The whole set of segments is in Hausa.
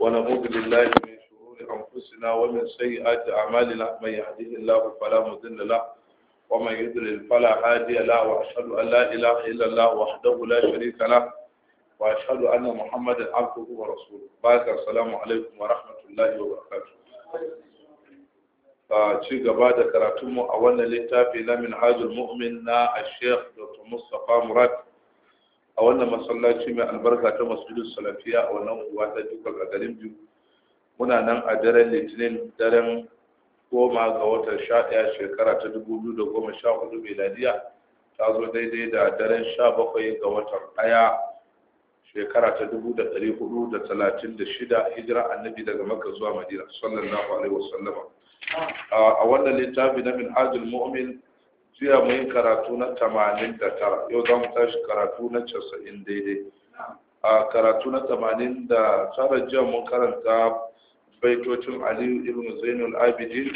ونعوذ بالله من شرور أنفسنا ومن سيئات أعمالنا من يهده الله فلا مضل له ومن يضلل فلا هادي له وأشهد أن لا إله إلا الله وحده لا شريك له وأشهد أن محمدا عبده ورسوله بارك السلام عليكم ورحمة الله وبركاته ci gaba da karatunmu a wannan littafi na min hajjul mu'min na a sheikh dr mustapha murad a wannan masallaci mai albarka ta masjidin salafiya a wannan unguwa ta duka a garin biyu muna nan a daren litinin daren goma ga watan sha ɗaya shekara ta dubu biyu da goma sha hudu Ladiya, ta zo daidai da daren sha bakwai ga watan ɗaya shekara ta dubu da ɗari hudu da talatin da shida hijira annabi daga makka zuwa madina sallallahu alaihi wasallama a wannan littafi na min hajjul mu'min jiya muyi karatu na tamanin da tara yau za mu tashi karatu na casa'in daidai a karatu na tamanin da tara jiya mun karanta baitocin aliyu ibn zainul abidin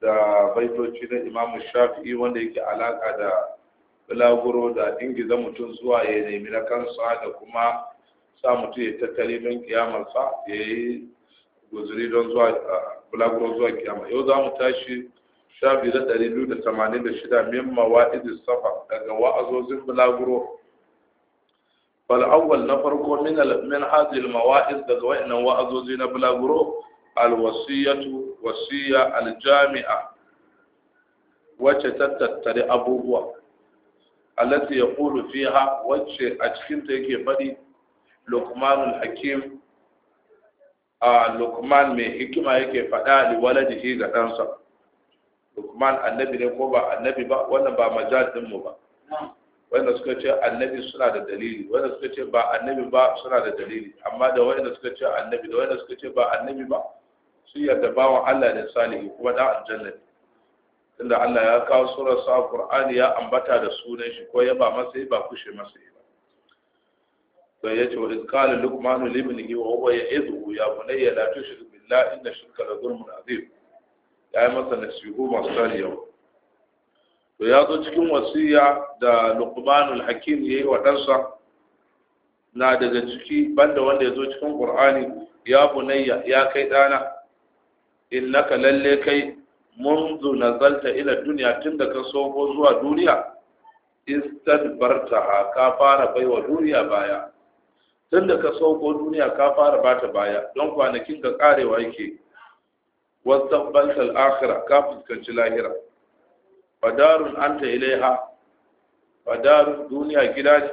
da baitoci na imamu shafi'i wanda yake alaka da bulaguro da ingiza mutum zuwa ya nemi na kansa da kuma sa mutum ya tattali don kiyamarsa ya yi guzuri don zuwa bulaguro zuwa kiyama yau za mu tashi shafi da ɗari biyu da tamanin da shida min wa'izi safa daga wa'azozin bulaguro fal'awwal na farko min hajjil wa'izi daga wa'inan wa'azozi na bulaguro alwasiyatu wasiya aljami'a wacce ta tattare abubuwa allati yaqulu fiha wacce a cikinta yake faɗi luqmanul hakim a luqman mai hikima yake faɗa li waladihi ga ɗansa Lukman annabi ne ko ba annabi ba wannan ba majalisin mu ba wanda suka ce annabi suna da dalili wanda suka ce ba annabi ba suna da dalili amma da wanda suka ce annabi da wanda suka ce ba annabi ba su yarda bawan Allah ne salihi kuma da aljanna tunda Allah ya kawo surar sa Qur'ani ya ambata da sunan shi ko ya ba masa ba kushe masa ba to ce wa qala luqman li ibnihi wa huwa ya'idhu ya bunayya la tushrik billahi inna shirka la zulmun azim. ya yi masa nasihu masu yau to ya zo cikin wasiya da lukmanul hakim ya wa ɗansa na daga ciki banda wanda ya zo cikin ƙur'ani. ya bunayya ya kai ɗana. In naka lalle kai mun na zalta ila duniya tunda ka soko zuwa duniya barta a ka fara baiwa duniya baya tunda ka soko duniya ka fara bata baya don kwanakin ka karewa yake wasan baltal akhira ka fuskanci lahira fadarun anta ilaiha fadarun duniya gida ne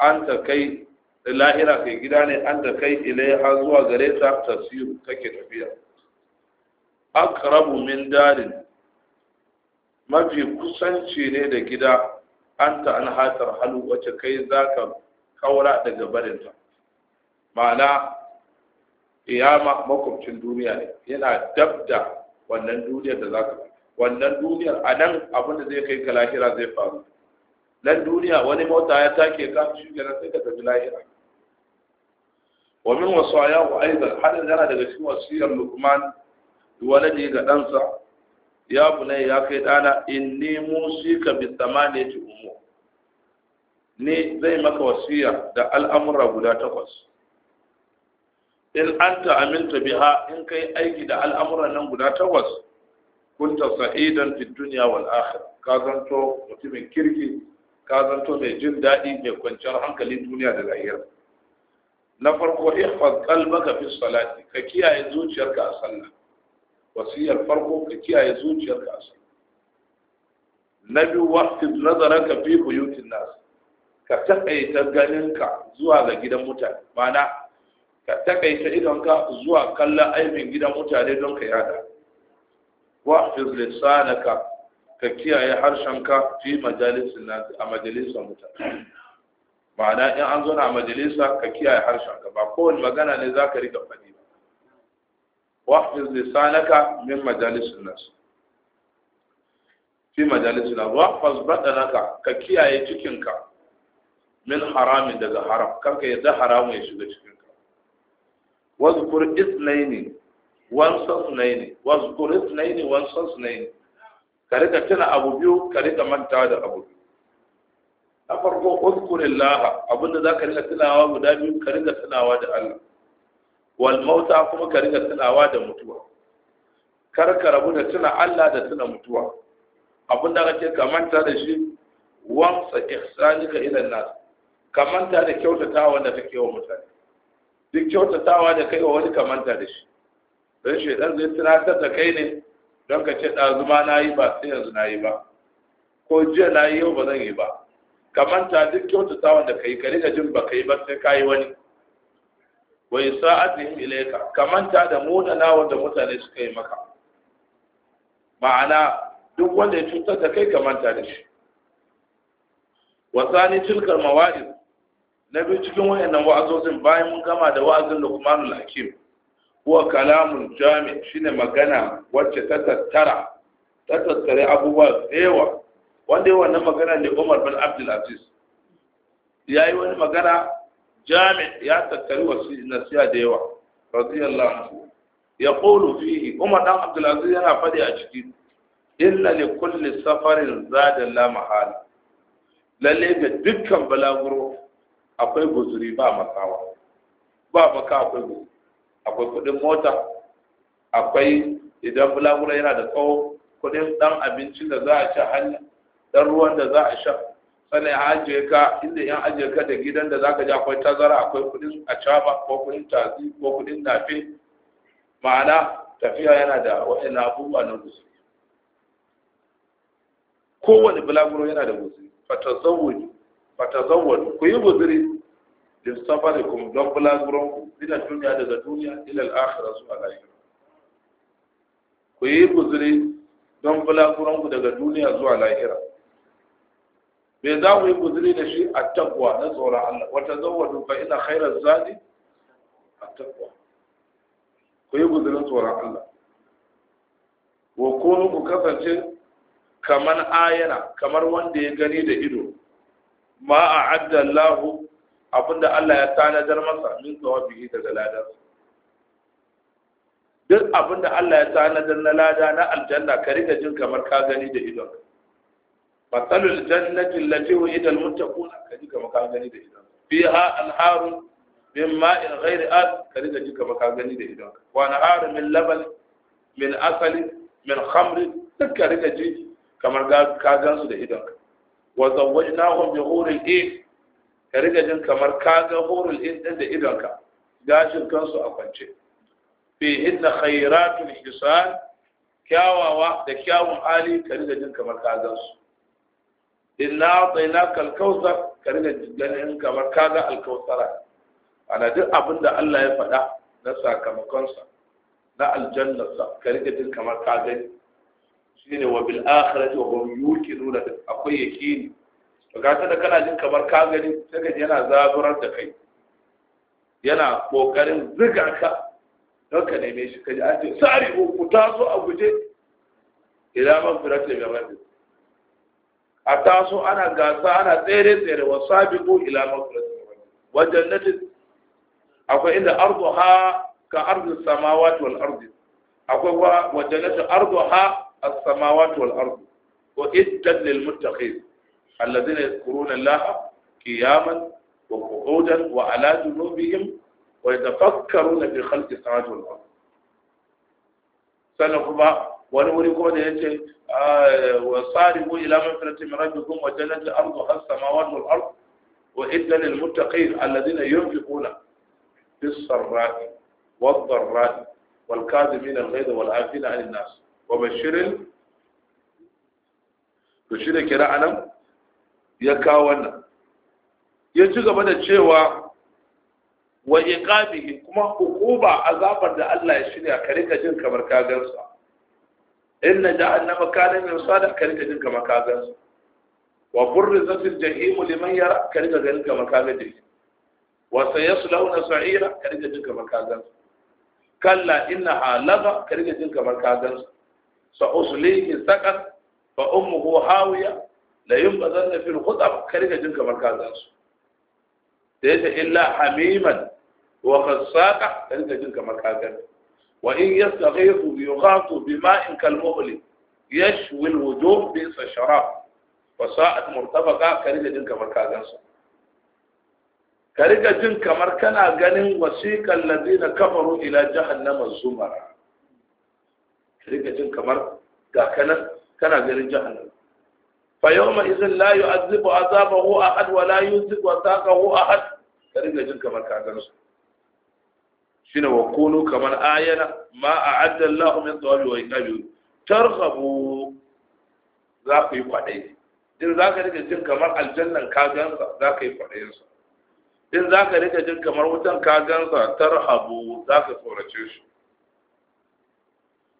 anta kai lahira kai gida ne anta kai ilaiha zuwa gare ta tasiru kake tafiya akrabu min darin mafi kusanci ne da gida anta an hatar halu wacce kai zaka kaura daga barinta Bala. iya ma duniya ne yana dab da wannan duniyar da za a nan abin da zai kai ka lahira zai faru nan duniya wani mota ya take ka fi shi ka tafi lahira wa min wasu aya wa aizar hada yana daga cikin wasu yiyar lukman ga ɗansa ya ya kai ɗana in ne mu shi ka bi ne ji ni zai maka wasiya da al'amura guda takwas in anta aminta biha in kai aiki da al'amuran nan guda takwas kunta sa'idan fi dunya wal akhirah ka zanto mutumin kirki ka zanto mai jin daɗi mai kwanciyar hankali duniya da lahira na farko ihfaz qalbaka fi salati ka kiyaye zuciyarka a sallah wasiyar farko ka kiyaye zuciyarka a sallah na biyu waqti nazaraka fi buyutin nas ka taƙaita ganinka zuwa ga gidan mutane ma'ana ka takaita idonka zuwa kallon aibin gidan mutane don ka yada wa fizle sanaka ka kiyaye harshenka fi majalisin nasi a majalisar mutane ma'ana in an zo na majalisa ka kiyaye harshenka ba kowane magana ne za ka rika faɗi ba wa fizle sanaka min majalisin nasi fi majalisin nasi wa hafiz baɗanaka ka kiyaye cikinka min haramin daga haram karka yadda haramu ya shiga cikinka واذكر اثنين وانصر اثنين واذكر اثنين وانصر اثنين كريكا تنا ابو بيو كريكا من تعد ابو بيو na farko uzkurin laha abinda za ka riga tunawa guda biyu ka riga tunawa da Allah Walmauta kuma ka rika tunawa da mutuwa kar ka rabu da tuna Allah da tuna mutuwa abinda ka ce ka manta da shi wamsa ihsanika ila nas ka manta da kyautata wanda kake wa mutane duk kyautatawa da kai wa wani kamanta da shi don ɗan zai tunatar da kai ne don ka ce ɗazuma na yi ba sai yanzu na yi ba ko jiya na yi yau ba zan yi ba kamanta duk kyautatawa da kai ka riga jin ba kai ba sai ka yi wani wai sa'atihim ilayka kamanta da munanawa da mutane suka yi maka ma'ana duk wanda ya cutar da kai kamanta da shi wasani tilkar mawa'id na biyu cikin wayannan wa'azozin bayan mun gama da wa'azin Luqmanul Hakim huwa kalamul jami shine magana wacce ta tattara ta tattare abubuwa tsewa wanda yi wannan magana ne Umar bin Abdul Aziz ya yi wani magana jami ya tattari wasu nasiya da yawa radiyallahu anhu ya qulu fihi Umar dan Abdul Aziz yana fadi a ciki illa li kulli safarin zada la mahala lalle ga dukkan balaguro akwai guzuri ba makawa ba maka akwai guzuri akwai kudin mota akwai idan bulagura yana da tsawo kudin dan abincin da za a sha hanya dan ruwan da za a sha sannan ya ajiye ka inda yan ajiye ka da gidan da zaka ji akwai tazara akwai kudin caba ko kudin tazi ko kudin nafe ma'ana tafiya yana da wa'ina abubuwa na guzuri kowane bulaguro yana da guzuri fatazawuji fatazawwadu ku yi guzuri din safarikum don bulaguron ku ila duniya daga duniya ila al'akhirah zuwa lahira ku yi guzuri don bulaguron ku daga duniya zuwa lahira me za ku yi guzuri da shi a taqwa na tsoron Allah wa tazawwadu fa ina khairaz zadi at-taqwa ku yi guzurin tsoron Allah wa kunu ku kasance kamar ayana kamar wanda ya gani da ido ma a'adda Allah abinda Allah ya tanadar masa min thawabihi daga ladan duk abinda Allah ya tanadar na lada na aljanna ka rika jin kamar ka gani da idon masalul jannati allati wa'ida almuttaquna ka ji kamar ka gani da idon fiha anharun min ma'in ghairi al, ka rika jin kamar ka gani da idon wa anharun min laban min asali min khamri duk ka rika ji kamar ka gansu da idon wa zawwajnahum bi huril ain ka riga jin kamar ka ga huril ain din da idonka gashin kansu a kwance fi hinna khairatul hisan kyawawa da kyawun hali ka riga jin kamar ka ga su inna atainaka al-kautsar ka riga jin kamar ka ga al-kautsara ana duk abin da Allah ya faɗa na sakamakonsa na aljannarsa ka riga jin kamar ka gani shine wa bil akhirati wa hum yuqinuna akwai yakini to ga ta da kana jin kamar ka gani sai ka yana zaburar da kai yana kokarin zuga ka don ka neme shi ka ji an ce sari ku taso a guje idan man firata ga rabbi a taso ana gasa ana tsere tsere wa sabiqu ila man firata wa jannatin akwai inda arduha ka ardu samawati wal ardi akwai wa jannatin arduha as-samawati wal ard wa iddat lil muttaqin alladhina yadhkuruna allaha qiyaman wa qu'udan wa ala junubihim wa yatafakkaruna fi khalqi samawati wal ard sannan kuma wani wuri kuma da yace wa saribu ila mafratin min rabbikum wa jannati ardu as-samawati wal ard wa iddat lil muttaqin alladhina yunfiquna fi as-sarra'i والضراء والكاذبين الغيظ والعافين عن الناس wa bashirin to shi da kira anan ya kawo wannan ya ci gaba da cewa wa iqabihi kuma hukuma azabar da Allah ya shirya ka rika jin kamar ka gansa inna ja'alnama kana min sada ka rika jin kamar ka gansa wa burrizatil jahim liman yara ka rika jin kamar ka gansa wa sayaslawna sa'ira ka rika jin kamar ka gansa kalla innaha laga ka rika jin kamar ka gansa سأصليه سقط فأمه هاوية لا ينبذن في الخطب كريكا جنك مركز ليس إلا حميما وقد ساق كريكا جنك مركز وإن يستغيث يغاط بماء كالمغلي يشوي الوجوه بئس الشراب فساءت مرتفقة كريكا جنك مركز كريكا جنك مركز غنين وسيق الذين كفروا إلى جهنم الزمر ta rika jin kamar ga kanan kana ganin jahannama fa yawma idhin la yu'adhibu azabahu ahad wa la yuziku wasaqahu ahad Ka rika jin kamar ka gan su shine wa kunu kamar ayana ma a'adda Allahu min thawabi wa ikabi tarhabu za ku yi kwadai in za ka rika jin kamar aljannan ka gansa za ka yi kwaɗayinsa in za ka rika jin kamar wutan ka gansa tarhabu za ka tsorace shi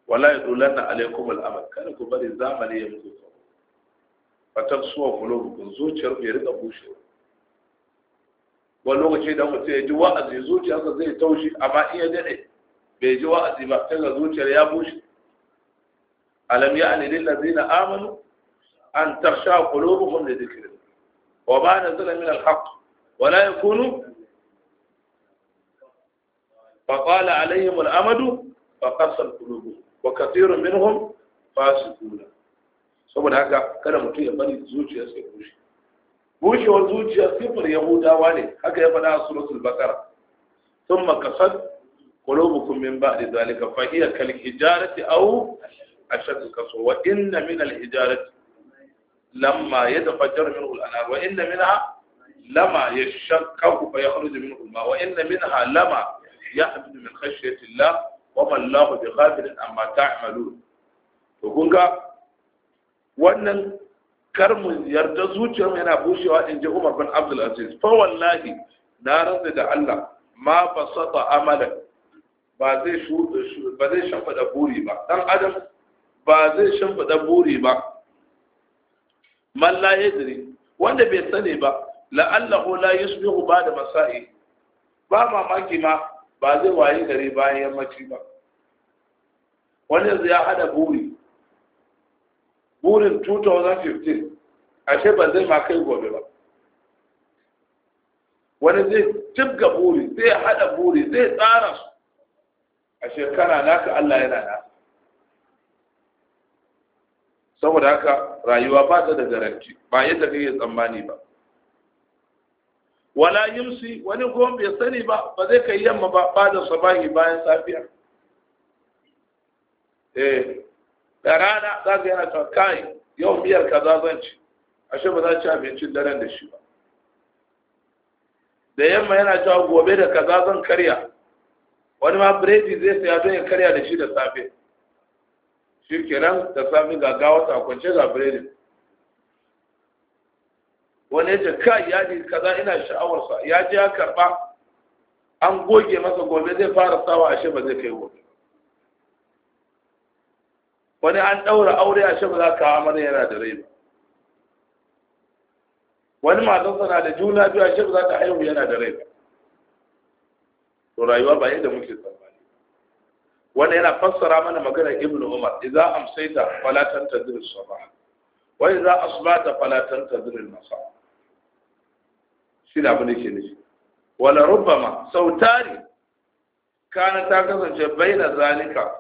wala ya na alaikum al'amal kada ku bari zamani ya mutu. tsawo fatan suwa kulubukun zuciyar ya rika bushe wani lokaci da mutum ya ji wa'azi zuciyarsa zai taushi amma iya ya daɗe bai ji wa'azi ba sai ga zuciyar ya bushe alam ya ani zina amanu an tarsha qulubuhum li dhikrillah wa ma nazala min al-haqq wa kunu, yakunu fa qala alaihim al-amadu wa kathirun minhum fasiquna saboda haka kada mutum ya bari zuciya sai bushe bushewar zuciya sifar yahudawa ne haka ya faɗa a suratul bakara thumma kasad qulubukum min ba'di zalika fa hiya kal hijarati aw ashad kaso. wa inna min al hijarati lamma yatafajjaru minhu al anhar wa inna minha لما يشقق فيخرج منه الماء وإن منها لما يحبط من خشية الله wa mallahu bi ghafirin amma ta'malun to kun ga wannan karmu yarda zuciyar yana bushewa in ji Umar bin Abdul Aziz fa wallahi na rantsa da Allah ma basata amalan ba zai ba zai shimfida buri ba dan adam ba zai da buri ba man la yadri wanda bai sani ba la'allahu la yusbihu ba da masa'i ba mamaki ma ba zai waye gari bayan yammaci ba wani yanzu ya hada buri burin 2015 ashe ba zai ma kai gobe ba wani zai tibga buri zai hada buri zai tsara su a shekara naka Allah yana na saboda haka rayuwa ba ta da garanti ba yadda kai tsammani ba wala yimsi wani kuma bai sani ba ba zai kai yamma ba ba da sabahi bayan safiya eh da rana za ka yana ta kai yau miyar kaza zan ci ashe ba za ci abincin daren da shi ba da yamma yana cewa gobe da kaza zan karya wani ma biredi zai saya don ya karya da shi da safe shi kenan da safe ga ta kwance ga biredin wani ya ce kai ya ji kaza ina sha'awarsa ya ji ya karba an goge masa gobe zai fara sawa ashe ba zai kai gobe wani an ɗaura aure ashe ba za ka hawa mana yana da rai ba wani matansa na da juna biyu ashe ba za ta haihu yana da rai ba to rayuwa ba yadda muke tsammani wani yana fassara mana magana ibn umar idza amsayta falatan tantazir sabah wa idza asbata falatan tantazir an-masa shi da abin da ke nufi wala rubama sau tari kana ta kasance baina zalika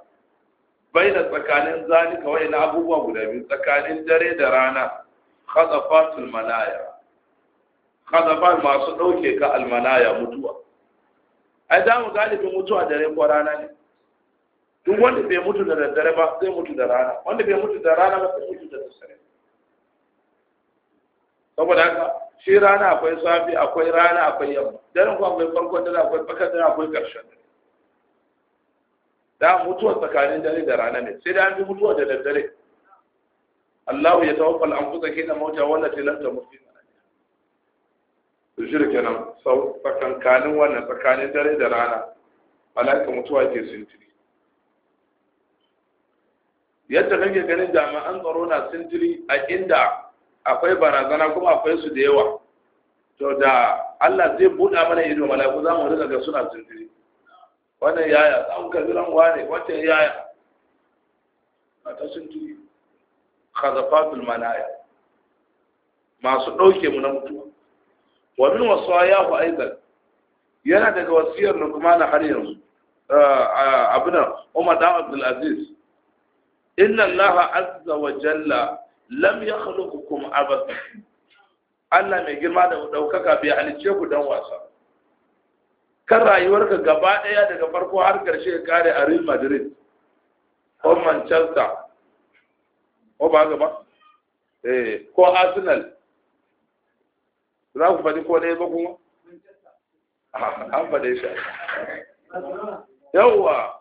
baina tsakanin zalika wai na abubuwa guda biyu tsakanin dare da rana khazafatul manaya khazafan masu dauke ka almanaya mutuwa ai da mu galibi mutuwa dare ko rana ne duk wanda bai mutu da daddare ba zai mutu da rana wanda bai mutu da rana ba zai mutu da daddare saboda haka shi rana akwai safi akwai rana akwai yamma daren kuma akwai farkon dare akwai tsakar dare akwai ƙarshen dare da mutuwa tsakanin dare da rana ne sai da an fi mutuwa da daddare Allah ya tawaffal an kusa kina mauta wannan lanta musu mutu shirka kenan sau tsakankanin wannan tsakanin dare da rana alaƙa mutuwa ke sintiri yadda kake ganin jami'an tsaro na sintiri a inda akwai barazana kuma akwai su da yawa to da Allah zai buɗa mana ido mala'iku za mu riga ga suna zirgiri wannan yaya za mu karbi wane wancan yaya a ta sun tuyi khazafatul manaya masu ɗauke mu na mutuwa wa min wasayahu aidan yana daga wasiyar Luqman har yanzu eh, abuna Umar dan Abdul Aziz inna Allah azza wa jalla lam yakhluqukum abatha Allah mai girma da daukaka bai halice ku dan wasa kan rayuwarka gaba daya daga farko har karshe ya kare a Real Madrid ko Manchester ko ba gaba eh ko Arsenal za ku faɗi ko ɗaya ba kuma an faɗe shi yawwa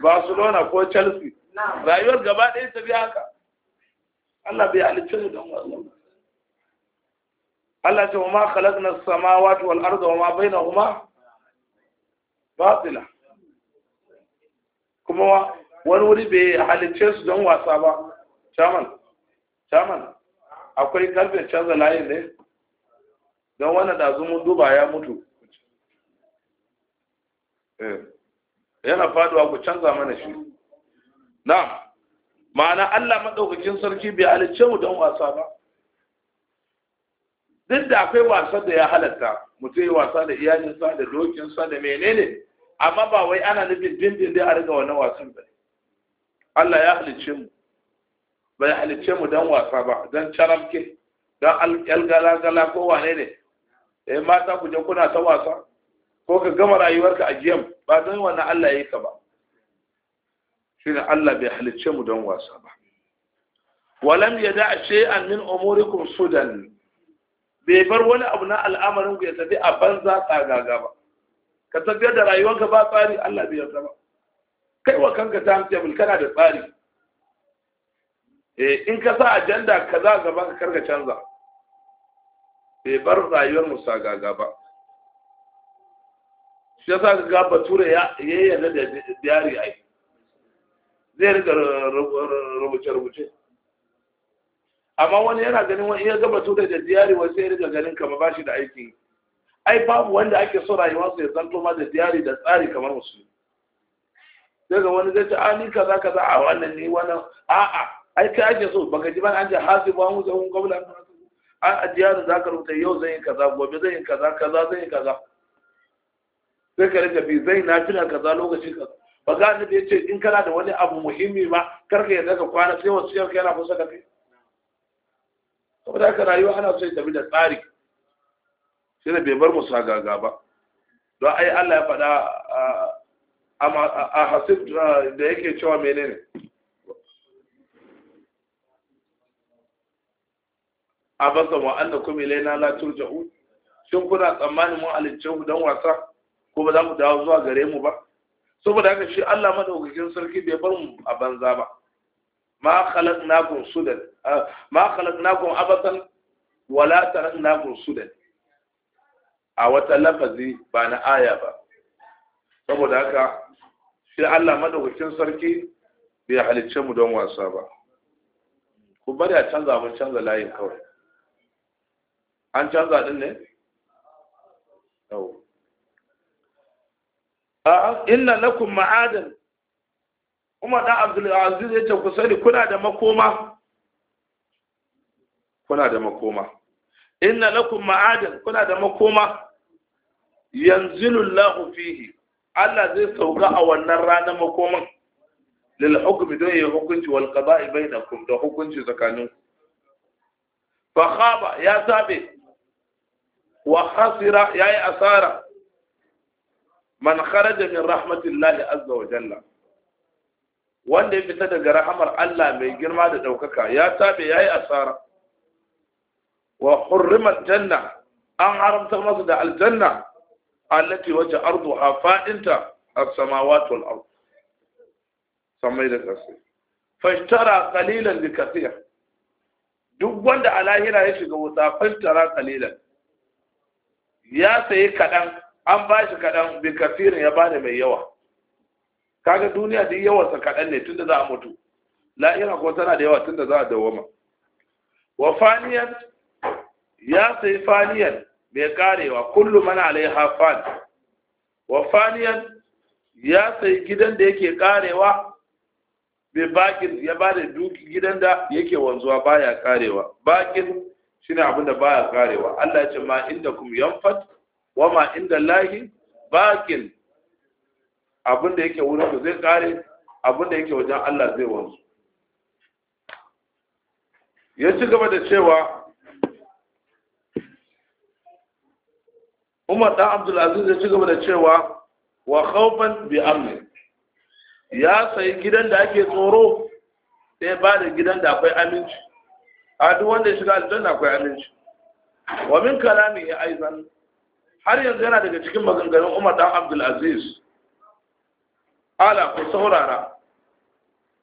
Barcelona ko Chelsea rayuwar gaba ɗaya ta bi haka Allah bai halicce su don wannan Allah ce kuma ma khalaqna samawati wal arda wa ma bainahuma batila kuma wani wuri bai halicce su don wasa ba chairman chairman akwai kalbin canza layin ne don wannan da mun duba ya mutu eh, yana faduwa ku canza mana shi na'am ma'ana Allah maɗaukakin sarki bai halicce mu don wasa ba duk da akwai wasan da ya halatta mutum yi wasa da iyalinsa da dokinsa da menene amma ba wai ana nufin dindin dai a riga wannan wasan ba Allah ya halicce mu bai halicce mu don wasa ba don caramke don algalagala ko wane ne eh mata ku je kuna ta wasa ko ka gama rayuwarka a jiyam ba don wannan Allah ya yi ka ba shine Allah bai halicce mu don wasa ba walam yada shay'an min umurikum sudan bai bar wani abu na al'amarin ku ya tafi a banza tsagaga ba ka tafiyar da rayuwarka ba tsari Allah bai yarda ba kai wa kanka ta hamsi kana da tsari Eh in ka sa ajanda kaza za ka karka canza bai bar rayuwar musa gaga ba shi yasa ga bature ya yarda da diary ai zai rika rubuce-rubuce amma wani yana ganin wani iya gaba tuta da diyari wani sai rika ganin kama ba shi da aiki ai babu wanda ake so rayuwa su ya zanto ma da diyari da tsari kamar musu. sai ga wani zai ce a ah, ni kaza kaza a wannan ni wannan a'a ai kai ake so baka ji ban an ji hasi ba mu zahun gwamna a a da za ka rubuta yau zai yi kaza gobe zai yi kaza kaza zai yi kaza sai ka rika bi zai na tuna kaza lokaci kaza ba za ni ya ce in kana da wani abu muhimmi ba karka yarda ka kwana sai wasu yanka yana kusa da kai saboda ka rayuwa ana sai tafi da tsari sai da bai bar musu gaga ba don ai Allah ya faɗa a hasib da yake cewa menene a basa wa an da kuma ilaina la turja'u shin kuna tsammanin mun halicce ku wasa ko ba za mu dawo zuwa gare mu ba saboda haka shi Allah madaukakin sarki bai bar mu a banza ba ma khalaqnakum sudan ah, ma khalaqnakum abatan wala taraknakum sudan a wata lafazi ba na aya ba saboda haka shi Allah madaukakin sarki bai halicce mu don wasa ba ku bari a canza mu canza layin kawai an canza din ne yau inna lakum ma'adan kuma da Abdul Aziz yace ku sani kuna da makoma kuna da makoma inna lakum ma'adan kuna da makoma yanzilu llahu fihi Allah zai sauka a wannan ranar makoman lil hukmi don ya hukunci wal qada'i bainakum da hukunci tsakanin fa khaba ya sabe wa khasira yayi asara man kharaja min rahmatillahi azza wa jalla wanda ya fita daga rahamar Allah mai girma da ɗaukaka ya tabe yayi asara wa hurrimat janna an haramta masa da aljanna allati waje ardu fa'inta as-samawati wal ard samai da kasai fashtara qalilan bi kathir duk wanda a lahira ya shiga wuta fashtara qalilan ya sayi kadan an ba shi kaɗan bin kafirin ya bada mai yawa kaga duniya da sa kaɗan ne tunda za a mutu la'ira ko tana da yawa tunda za a dawoma wa faniyan ya sai faniyan mai karewa kullum mana alaiha fan wa faniyan ya sai gidan da yake karewa bai bakin ya ba da gidan da yake wanzuwa baya karewa bakin shine abin da baya karewa Allah ya ce ma inda kum yanfat wama inda lahi bakin abin da yake wurin zai kare abin da yake wajen Allah zai wanzu ya ci gaba da cewa Umar ɗan Abdul Aziz ya ci gaba da cewa wa khawfan bi amni ya sayi gidan da ake tsoro sai ba da gidan da akwai aminci a duk wanda ya shiga aljanna akwai aminci wa min kalami ya aizan har yanzu yana daga cikin maganganun Umar dan Abdul Aziz ala ku saurara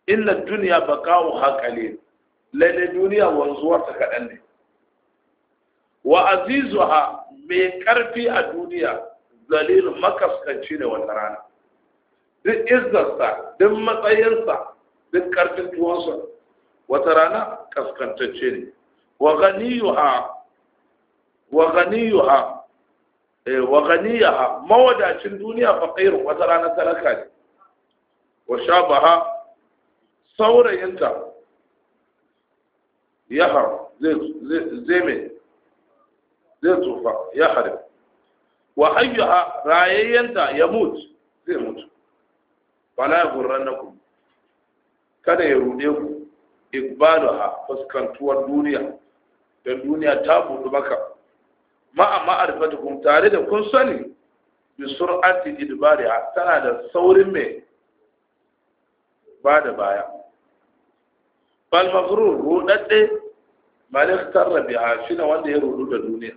inna dunya baqa'u haqalin lalle duniya wanzuwar ta kadan ne wa azizuha mai karfi a duniya zalil makaskanci ne wata rana duk izzarsa duk matsayinsa duk karfin tuwonsa wata rana kaskantacce ne wa ganiyuha wa ganiyuha Eh, wa ganiya mawadacin duniya faƙirin wata ranar talaka ne wa sha ha? saurayinta yahar zai mai zai tsufa yahar wa ha? rayayyanta ya mutu zai mutu wala ya gurran na ku kada ya rude ku ikbaluha fuskantuwar duniya don duniya ta buɗu maka ma'a ma'arifatukum tare da kun sani bi sur'ati a tana da saurin mai ba da baya bal maghrur malaktar malik shi shine wanda ya rudu da duniya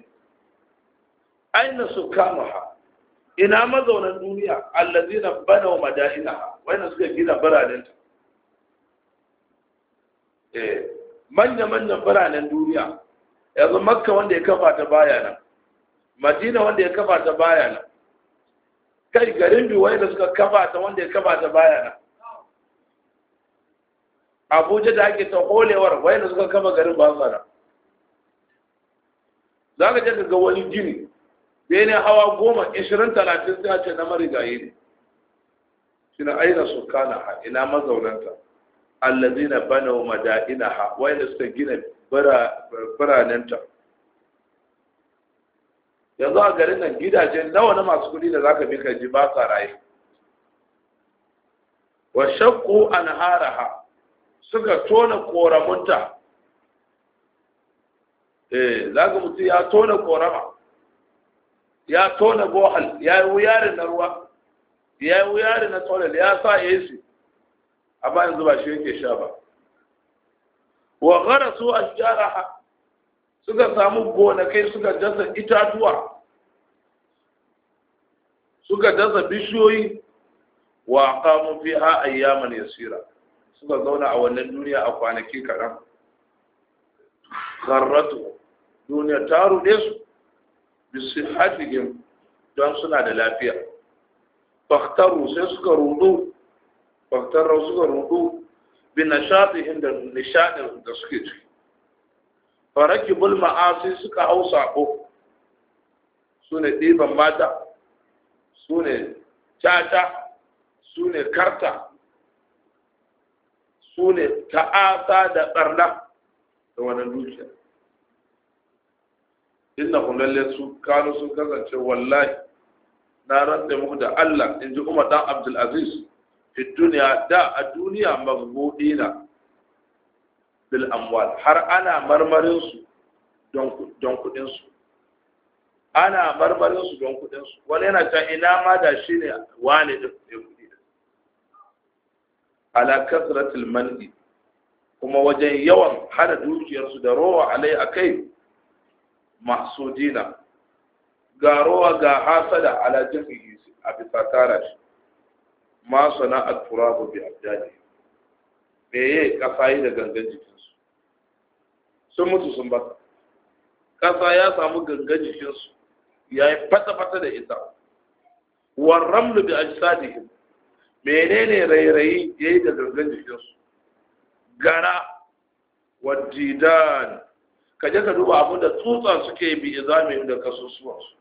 aina ha ina mazaunan duniya allazina banaw madainaha waina suka gina biranenta. eh manya manyan biranen duniya yanzu makka wanda ya kafa ta baya nan madina wanda ya kafa ta baya nan kai garin biyu da suka kafa ta wanda ya kafa ta baya nan abuja da ake ta holewar wai da suka kafa garin ba su za ka je ga wani gini da ne hawa goma ishirin talatin sai a ce na marigayi ne shi na aina su kana ina mazaunanta allazina ha wai da suka gina biranenta yanzu a garin nan gidaje nawa na masu kuɗi da za ka bi ka ji ba sa raye wa an haraha suka tona koramunta eh ka mutu ya tona korama ya tona bohal ya yi wuyarin na ruwa ya yi wuyarin na tsoron, ya sa yesu amma yanzu ba shi yake sha ba wa gharasu ashjaraha suka samu gonakai suka dasa itatuwa suka dasa bishiyoyi wa qamu fiha ayyaman yasira suka zauna a wannan duniya a kwanaki kaɗan gharratu duniya ta ruɗe su bisihatihim don suna da lafiya baktaru sai suka rudu fahimtar suka rudu bi nishaɗin da nishaɗin da suke ciki faraki bulma sai suka hau sako su ne ɗiban mata su ne caca su ne karta su ne ta'asa da ɓarna da wani dukiya inna hulalle su kanu sun kasance wallahi na rantse muku da Allah in ji Umar dan abdul'aziz Aziz fi duniya da a duniya na bil amwal har ana marmarin su don kudin su ana marmarin su don kudin su wani yana ta ina ma da shi ne wani da kudi da ala kasratil mandi kuma wajen yawan hana dukiyarsu da rowa alai akai masudina ga rowa ga hasada ala jami'i a bisa tara shi ma sana at-turabu bi abdadi me ye kasa yi da gangan jikinsu sun mutu sun bata kasa ya samu gangan jikinsu ya yi fata-fata da ita warramlu bi ajsadihim menene rairayi ya yi da gangan jikinsu gara wadidan ka je ka duba abin da tsutsa suke bi izamin da kasusuwansu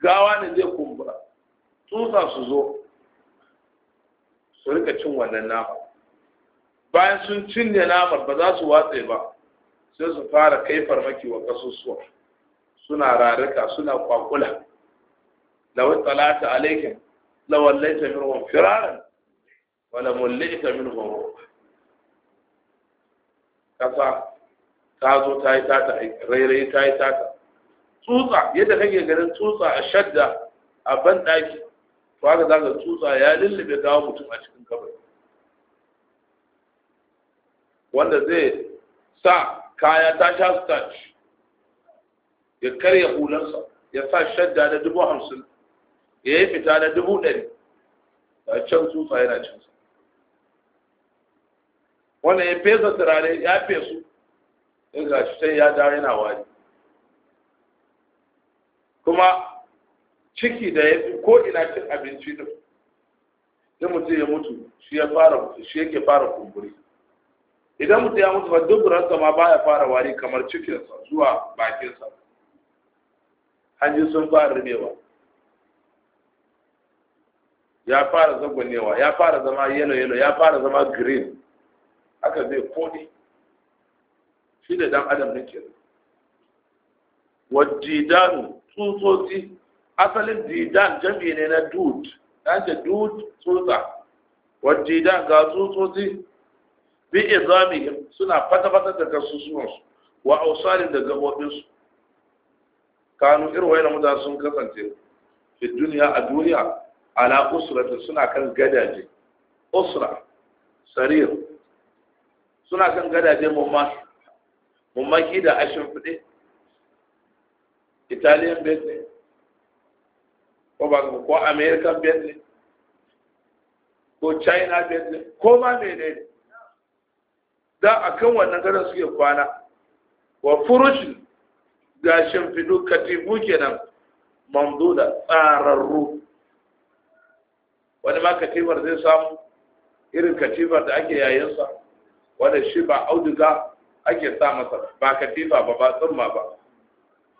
gawa ne zai kuma tsutsa su zo su rika cin wannan nama bayan sun cinye namar ba za su watse ba sai su fara kai farmaki wa kasusuwa suna rarika suna kwakula law talata alayka law allaita minhum firaran wa la min wa kasa ta zo ta yi tata rairayi ta yi tata tsutsa yadda kake ganin tsutsa a shadda a ban daki to haka za ka tsutsa ya lullube gawa mutum a cikin kabari wanda zai sa kaya ta sha starch ya karya hulansa ya sa shadda na dubu hamsin ya yi fita na dubu ɗari a can tsutsa yana cinsa wanda ya fesa turare ya fesu in ga shi sai ya dawo yana wari kuma ciki da ya fi ko ina cin abinci din sai mutum ya mutu shi ya fara shi yake fara kumburi idan mutum ya mutu ba duburansa ma baya fara wari kamar cikinsa zuwa bakinsa hanyar sun fara rubewa ya fara zagonewa ya fara zama yelo yelo ya fara zama green haka zai kodi shi da dan adam nake wajidanu tsutsotsi asalin didan jami ne na dut ta ce dud tsutsa wadda didan ga tsotsotsi bi izamihim suna fata-fata da kasusuwansu wa ausari da gabobinsu kanu irin wayan mutane sun kasance fi duniya a duniya ala ta suna kan gadaje usra sarir suna kan gadaje mummaki da ashin fude italian bed ko ba ko america bet ko china bet ko ma mene ne da akan wannan garin suke kwana wa furushi ga shimfidu katibu kenan mamduda tsararru wani ma katibar zai samu irin katibar da ake yayinsa wanda shi ba auduga ake sa masa ba katifa ba ba tsumma ba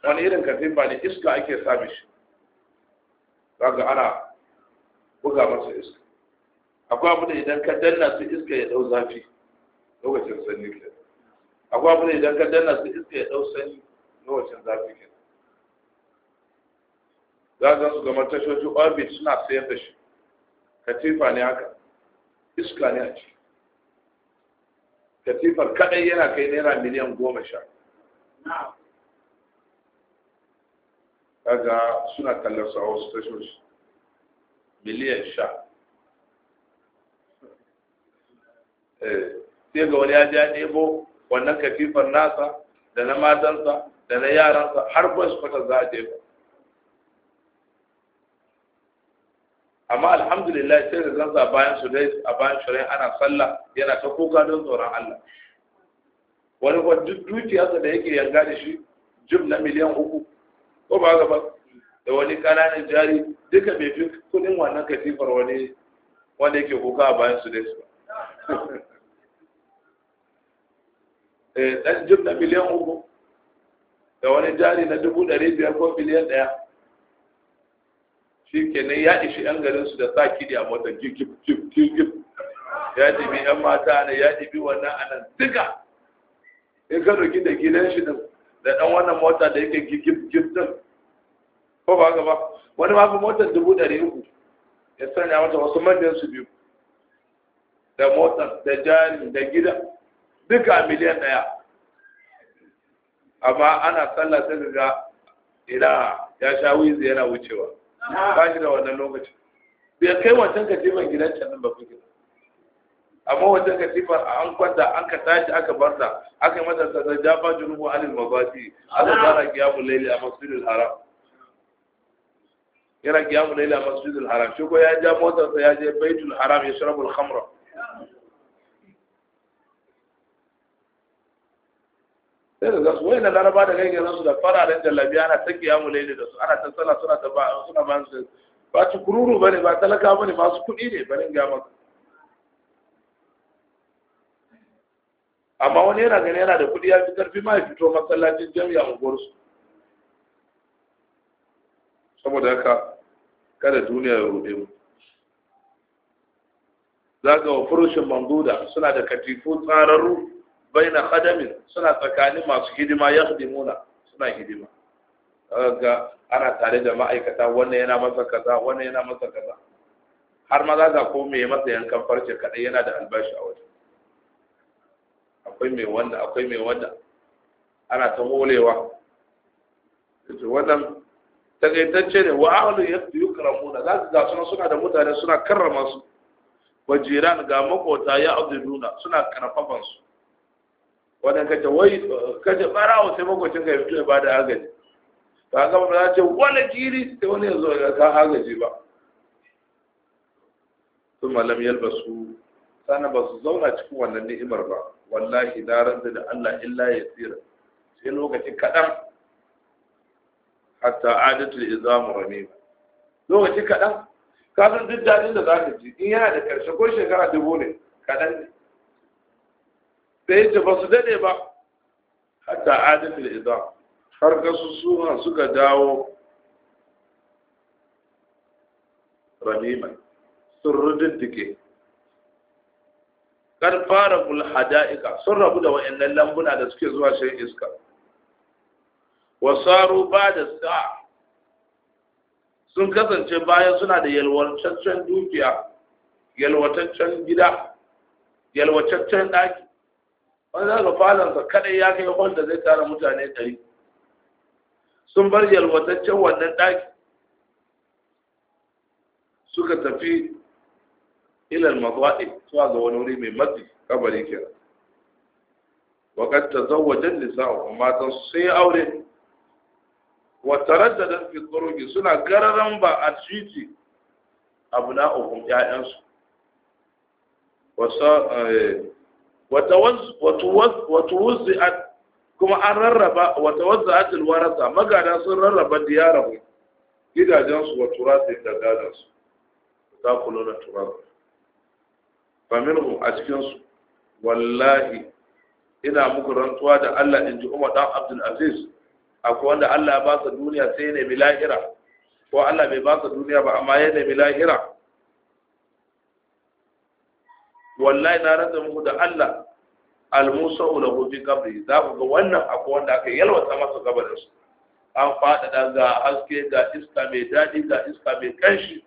wani irin katifa ne iska ake sa mishi kaga ana buga masa iska akwai abu da idan ka danna su iska ya dau zafi lokacin sanyi ke akwai abu da idan ka danna su iska ya dau sanyi lokacin zafi ke za ga su gamar tashoshi orbit suna sayar da shi katifa ne haka iska ne a ciki katifar kadai yana kai naira miliyan goma sha Daga suna kallon su a wasu tashoshi miliyan sha eh, sai ga wani ya ja ɗebo wannan kafifar nasa da na matansa da na yaransa har boys quarter za a ɗebo amma alhamdulillah sai da zanza bayan su dai a bayan shirin ana sallah yana ta kuka don tsoron Allah wani kwa dukiyarsa da yake yanga da shi jim na miliyan uku ko ba gaba da wani kananan jari duka mai fi kudin wannan katifar wani wanda yake kuka a bayan su dai su eh, ɗan jim na miliyan uku da wani jari na dubu ɗari biyar ko miliyan ɗaya shi nan ya ishi yan garinsu da sa kidi a motar jikin gigib ya ɗibi yan mata ne ya ɗibi wannan anan duka in ka roki da gidan shi da da ɗan wannan mota da yake gigib giftin ko ba ba wani ma fi motar dubu ɗari uku ya sanya mata wasu manyan su biyu da motar da jari da gida duka a miliyan ɗaya amma ana sallah sai ga ina ya sha wizi yana wucewa ba shi da wannan lokacin bai kai wancan ka je gidan can nan ba fi gida amma wajen katifa an kwanta an ka tashi aka barta aka yi mata ba jafa junubu alil mabati aka fara kiyamu laili a masjidil haram yana kiyamu laili a masjidil haram shi ko ya ja motarsa ya je baitul haram ya shirabu alhamra sai da zasu na laraba da kai ganin su da fararen jallabi ana ta kiyamu laili da su ana ta sala suna ta ba suna ba su ba su kururu ne ba talaka bane masu kuɗi ne ne ga maka amma wani yana gani yana da kuɗi ya fi karfi ma ya fito masallacin jami'a unguwarsu saboda haka kada duniya ya ruɗe mu za ga wa furushin manguda suna da katifu tsararru bai na hadamin suna tsakanin masu hidima ya hidimuna suna hidima ga ana tare da ma'aikata wannan yana masa kaza wannan yana masa kaza har ma za ga ko mai masa yankan farce kaɗai yana da albashi a wajen akwai mai wanda akwai mai wanda ana ta molewa yace wannan takaitacce ne wa ahlu yukramuna za su ga suna suna da mutane suna karrama su wa jiran ga makota ya nuna suna karfafan su wannan kace wai kace barawo sai makocin ka fito ba da agaji ka ga ba ce wala jiri sai wani yazo ya ka agaji ba kuma lam yalbasu sana ba su zauna cikin wannan ni'imar ba wallahi na ranta da Allah illa ya tsira sai lokaci kaɗan hatta adatul izamu rami lokaci kaɗan kafin duk dadin da za ka ji in yana da ƙarshe ko shekara dubu ne kaɗan ne sai ta ba su daɗe ba hatta adatul izam har su suna suka dawo mai. sun rudin dike kar fara kul hada'ika sun rabu da wayannan lambuna da suke zuwa shan iska saru ba da sa sun kasance bayan suna da yalwataccen dukiya yalwataccen gida yalwataccen ɗaki wanda zaka falansa kaɗai ya kai wanda zai tara mutane ɗari sun bar yalwataccen wannan daki. suka tafi ilal mazaɗi zuwa ga wani wuri mai matsi kabari nan wakar ta nisa a matan sun yi aure watarar da don fitorogi suna gararan ba a titi abu na ohun ƴaƴansu wata eh, wuzi kuma an rarraba wata wazza atil warasa magada sun rarraba diyarahu gidajensu wa turasi da gadansu ta kula na turasi faminhum a cikinsu wallahi ina muku rantsuwa da Allah in ji Umar dan Abdul Aziz akwai wanda Allah ya ba sa duniya sai ya nemi lahira ko Allah bai ba sa duniya ba amma ya nemi lahira wallahi na rantsa muku da Allah al-musa lahu fi qabri za ku ga wannan akwai wanda aka yalwata masa gabarin an faɗaɗa ga haske ga iska mai daɗi ga iska mai kanshi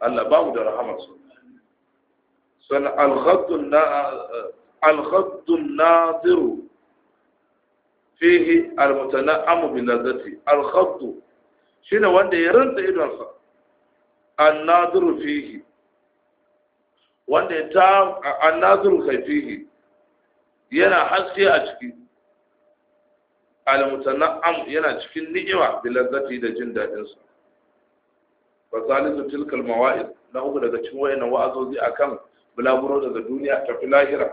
Allah ba mu da rahamarsu sannan alhaddun naziru fihi almutana amu bi lazati alhaddu shi ne wanda ya rantsa idonsa annaziru fihi wanda ya ta annaziru kai fihi yana haske a ciki almutana amu yana cikin ni'ima bi lazati da jin daɗinsa fasalisu tilkal mawa'id na uku daga cikin wayannan wa'azozi akan bulaguro daga duniya tafi lahira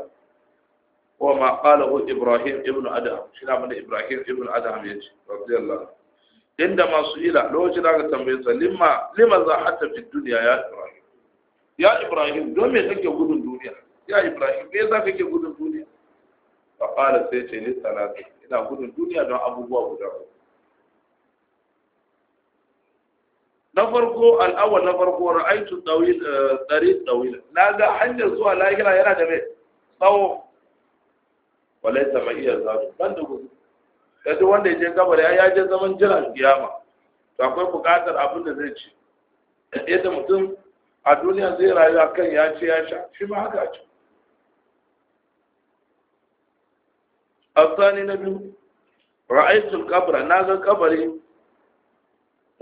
wa ma ko ibrahim ibn adam shi na mana ibrahim ibn adam ya ce radiyallahu inda masu ila lokacin da aka tambaye sa lima lima za hatta fi duniya ya ibrahim ya ibrahim don me kake gudun duniya ya ibrahim me yasa kake gudun duniya fa qala sai ce ni salatu ina gudun duniya don abubuwa guda uku na farko al'awar na farko ra'aitu tsari eh, tsawila na ga hanyar zuwa lahira yana da mai tsawo walaysa ma iya zaru banda gudu kaje wanda ya je gabar ya ya je zaman jiran kiyama to akwai buƙatar abin da zai ci yadda mutum a duniya zai rayu a kan ya ce ya sha shi ma haka ci asani na biyu ra'aitu kabra na ga kabari mu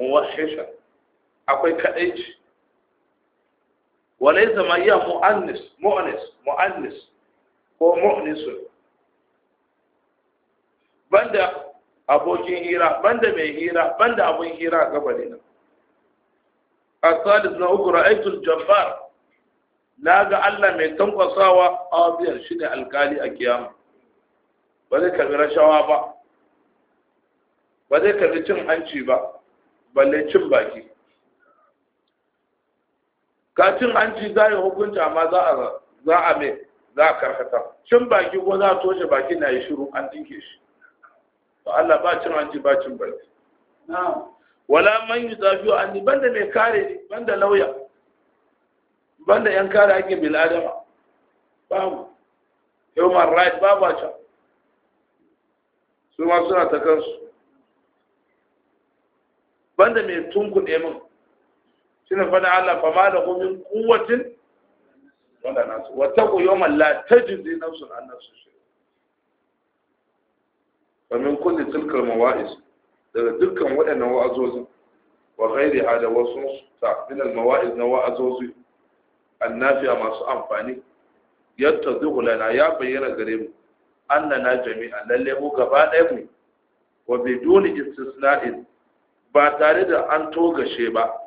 muwahishan akwai kadaici walai zama iya mu'annis mu'annis mu'annis ko mu'annisun banda abokin hira banda mai hira banda abin hira a gabarina الثالث نقول رأيت الجبار na ga Allah mai tankwasawa a wajen shi ne alkali a kiyama ba zai karbi rashawa ba ba zai karbi cin hanci ba balle cin baki ka cin hanci za yi hukunci amma za a za a mai za a karkata cin baki ko za a toshe baki na yi shiru an dinke shi to Allah ba cin hanci ba cin baki wala man zafi wa ni banda mai kare ni banda lauya banda yan kare ake bil adama Yau human right babu ba can su ma suna ta kansu banda mai tunkuɗe min shine fada Allah fa ma da gumin kuwatin wala nasu wattaqu yawman la tajzi nafsun an nafsin shay'a fa min kulli tilka mawa'iz mawais daga dukkan waɗannan wa'azozi wa ghairiha da wasu ta min al-mawa'iz na wa'azozi annafiya masu amfani yadda zuhulana ya bayyana gare mu annana jami'a lalle mu gaba ɗaya mu wa biduni istisna'in ba tare da an togashe ba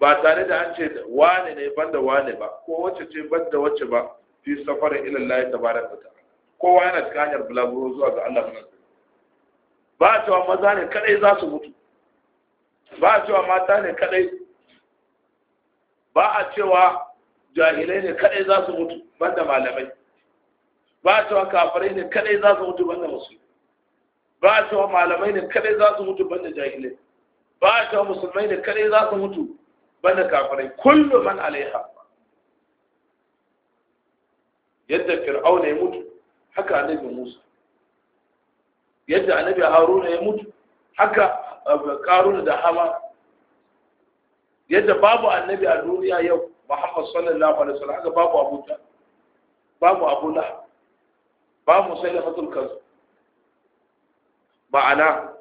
ba tare da an ce wane ne ban da wane ba ko wacce ce ban da wacce ba fi safarin ila Allah tabaraka ta'ala kowa yana cikin hanyar bulaguro zuwa ga Allah subhanahu ba a cewa maza ne kadai za su mutu ba a cewa mata ne kadai ba a cewa jahilai ne kadai za su mutu ban da malamai ba a cewa kafirai ne kadai za su mutu ban da musulmi ba a cewa malamai ne kadai za su mutu ban da jahilai ba a cewa musulmai ne kadai za su mutu banda kafirai kullu man alaiha yadda fir'auna ya mutu haka annabi Musa yadda annabi Haruna ya mutu haka uh, Karuna da Hama yadda babu annabi a duniya yau Muhammad sallallahu alaihi wasallam haka babu Abu babu Abu Lahab babu da Fatul Kazzab ma'ana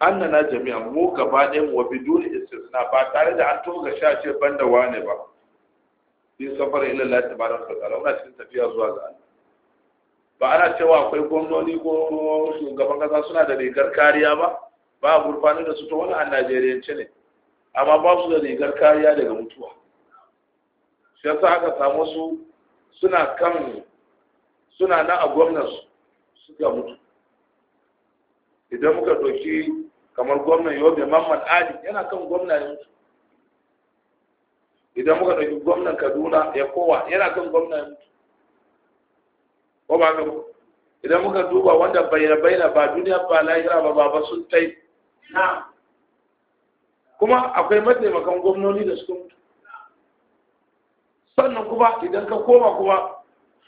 annana jami'a mu gaba ɗayan wa biduni istisna ba tare da an toga sha ce banda wane ba bi safar ila Allah tabaraka wa ta'ala muna cikin tafiya zuwa ga Allah ba ana cewa akwai gwamnoni ko shugaban kasa suna da rigar kariya ba ba gurfanin da su to wani a ce ne amma ba su da rigar kariya daga mutuwa shi yasa aka samu su suna kan suna na a gwamnati suka mutu idan muka ɗauki kamar gwamnan yobe mamman ali yana kan gwamnayensu idan muka ɗauki gwamnan kaduna ya kowa yana kan gwamnayensu ko ba ga idan muka duba wanda bayyana bayyana ba duniya ba lahira ba ba sun tai kuma akwai mataimakan gwamnoni da suka mutu sannan kuma idan ka koma kuma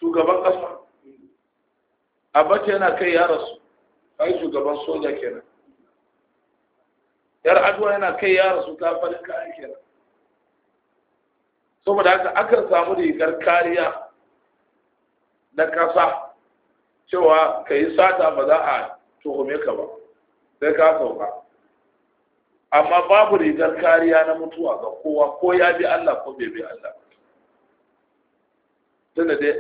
shugaban ƙasa abace yana kai ya rasu ai shugaban soja kenan yar aduwa yana kai ya rasu ta farin kayan kenan saboda haka akan samu rigar kariya na kasa cewa ka yi sata ba za a tuhume ka ba sai ka sauka amma babu rigar kariya na mutuwa ga kowa ko ya bi Allah ko bai bi Allah tunda dai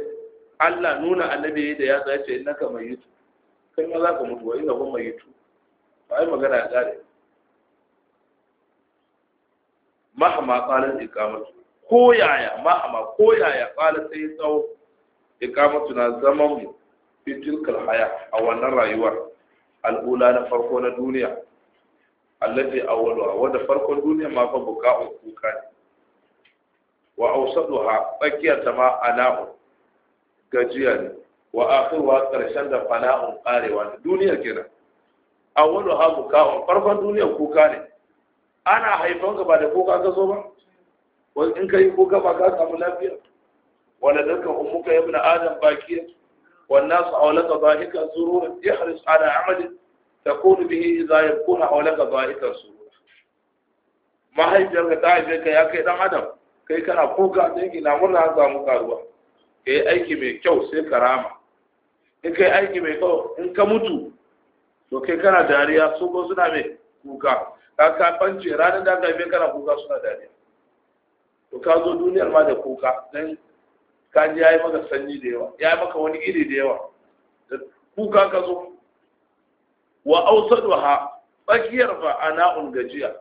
Allah nuna annabi da ya zace innaka mayitu kai ma za ka mutu wa inna hum mayitu ai magana ya tsare mahama qalat iqamatu ko yaya mahama ko yaya qalat sai tsawo iqamatu na zaman mu fi tilkal haya a wannan rayuwar al'ula na farko na duniya allati awwaluha da farkon duniya ma fa buka kuka ne wa awsaduha tsakiyar ta ma ana'un gajiya ne wa akhiruha karshen da fana'un karewa ne duniya kenan ha buka farkon duniya kuka ne ana ka ba da kuka ka so ba wani in ka yi kuka ba ka samu lafiya wanda dukkan umuka ibn adam bakiya والناس حولك ضاحكا سرورا احرص على عمل تكون به اذا يكون حولك ضاحكا سرورا ما هي جرك ka ta كي ka ya kai kana kuka dangi na murna an samu karuwa kai aiki mai kyau sai karama in kai aiki mai kyau in ka mutu to kai kana dariya su ko suna mai kuka ka ka bance ranar da aka yi kana kuka suna dariya to ka zo duniyar ma da kuka dan ka ji yi maka sanyi da yawa yi maka wani iri da yawa da kuka ka zo wa ausaduha tsakiyar a na'un gajiya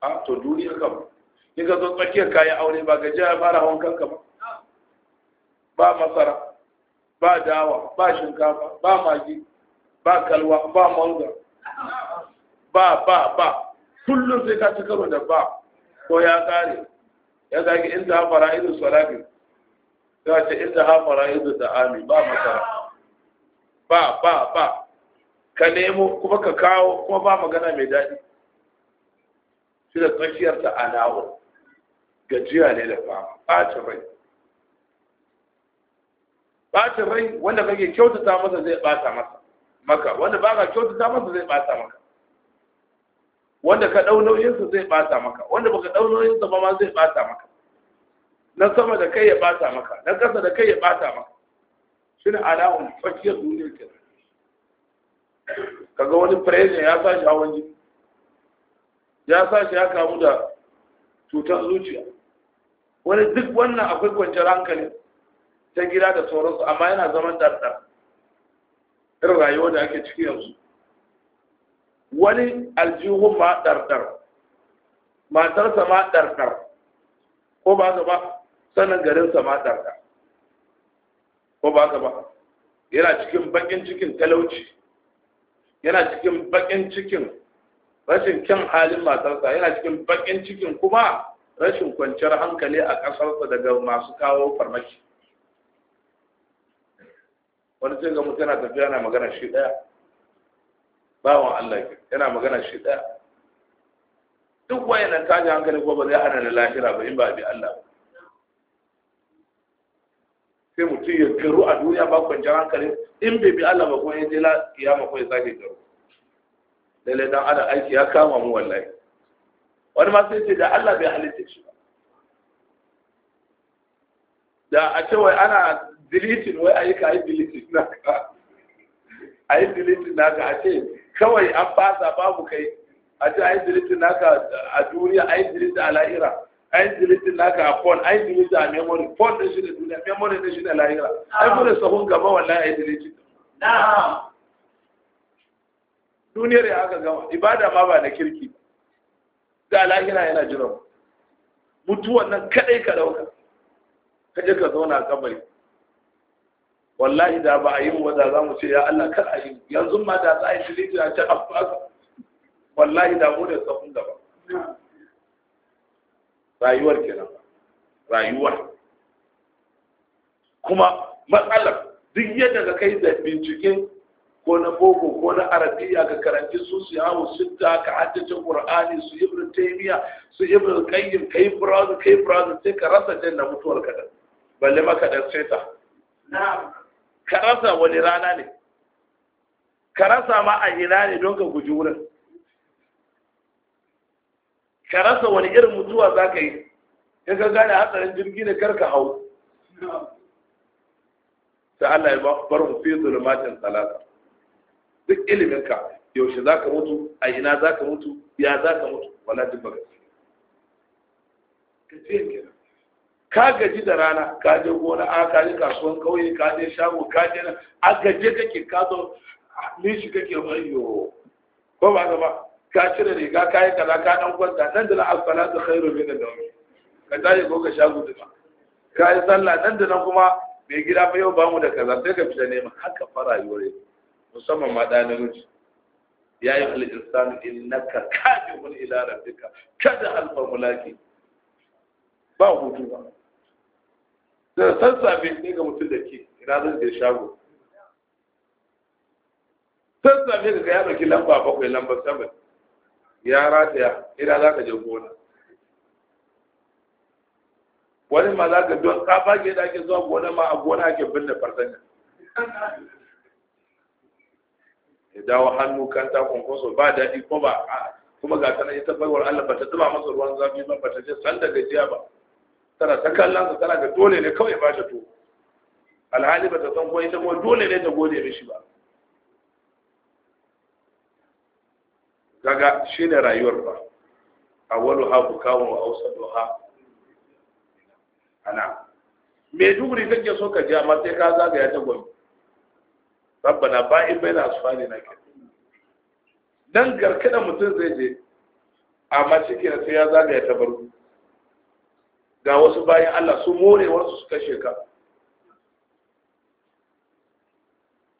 a to duniya kama, in ka zo tsakiyar kayi aure ba gajiya ya fara hawan kanka ba ba masara ba dawa ba shinkafa ba magi ba kalwa ba manga ba ba ba kullum sai ka ci karo da ba ko ya kare ya zagi inda ha fara'idu salafi ya ce inda ha fara'idu da ami ba masara ba ba ba ka nemo kuma ka kawo kuma ba magana mai daɗi shi da tsakiyar ta alawo gajiya ne da ba ɓacin rai ɓacin rai wanda kake kyautata masa zai ɓata masa maka wanda ba ka kyautata masa zai ɓata maka wanda ka ɗau nauyinsa zai ɓata maka wanda baka ɗau nauyinsa ba ma zai ɓata maka na sama da kai ya ɓata maka na ƙasa da kai ya ɓata maka shi ne alawun fakiyar duniyar Ka kaga wani firayin ya sashi hawan jini ya sashi ya kamu da cutar zuciya wani duk wannan akwai kwanciyar hankali ta gida da sauransu amma yana zaman ɗarɗar irin rayuwar da ake ciki yanzu wani aljihu ma ɗarɗar matarsa ma ɗarɗar ko ba ka ba sannan garinsa ma ɗarɗar ko ba ka ba yana cikin baƙin cikin talauci yana cikin baƙin cikin rashin kyan halin matarsa yana cikin baƙin cikin kuma rashin kwanciyar hankali a ƙasarsa daga masu kawo farmaki wani sai ga mutum yana tafiya na magana shi ɗaya bawan Allah ke yana magana shi ɗaya duk wayannan tashi hankali ko ba zai hana da lahira ba in ba bi Allah ba sai mutum ya garu a duniya ba kwanci hankali in bai bi Allah ba kuma ya je la kiyama ko ya sake garu lalle dan adam aiki ya kama mu wallahi wani ma sai ce da Allah bai halitta shi ba da a ce wai ana deleting wai ayi ka ayi deleting na ka ayi deleting na ka a ce kawai an fasa babu kai a ce ayin zilitin naka a duniya ayin zilitin a lahira ayin zilitin naka a phone ayin zilitin a memory phone da shi da duniya memory da shi da lahira ai kuma sa sahun gaba wallahi ayin dilitin duniyar ya aka gama ibada ma ba na kirki da lahira yana jira mutuwan nan kadai ka dauka kaje ka zauna a kabari wallahi da ba a yi wa da za mu ce ya Allah kar a yi yanzu ma da za a yi shiri da ta afuwa wallahi da mu da tsafin gaba rayuwar kenan rayuwar kuma matsalar duk yadda ka kai da bincike ko na boko ko na arabiya ka karanci su su yawo sitta ka haddace qur'ani su ibn taymiya su ibn qayyim kai brother kai brother sai ka rasa na mutuwar ka da balle maka da sai ta na'am ka rasa wani rana ne ka rasa ma a ina ne don ka guji wurin ka rasa wani irin mutuwa za ka yi in ka gane hatsarin jirgi ne kar ka hau Ta Allah ya bar mu fi zulumatin talata duk iliminka yaushe za ka mutu a ina za ka mutu ya za ka mutu wala duk baka tafiyan kira ka gaji da rana ka je gona a ka je kasuwan kauye ka je shago ka je nan a gaje kake ka zo ni shi kake bayyo ko ba ba ka cire riga ka yi kaza ka dan kwanta nan da al da khairu min al-nawm ka dai ko ka shago da ka yi sallah nan da nan kuma me gida ba yau ba mu da kaza sai ka fita neman haka fara yore musamman ma da na ruci ya yi al-insanu innaka kadihun ila rabbika kada al mulaki ba hutu ba da sassafe ne ga mutum da ke ranar da shago sassafe ga ya ɗauki lamba bakwai lamba saman ya rataya ina za ka je gona wani ma za ka don kafa ke da ake zuwa gona ma a gona ake binne fartanya ya dawo hannu kan ta kwankwaso ba daɗi ko ba kuma ga sanar ita baiwar allah ba ta zuba masa ruwan zafi ba ba ta je san da gajiya ba tana ta kallon su tana ga dole ne kawai ba ta to alhali ba ta san ko ita ko dole ne ta gode mishi ba kaga ne rayuwar ba wani haku kawo a awsadu ha ana me ta kake so ka ji amma sai ka ya ta gobe rabbana ba in bai na ke dan garkada mutum zai je amma shi ke sai ya zaga ta barku ga wasu bayan Allah su more wasu su kashe ka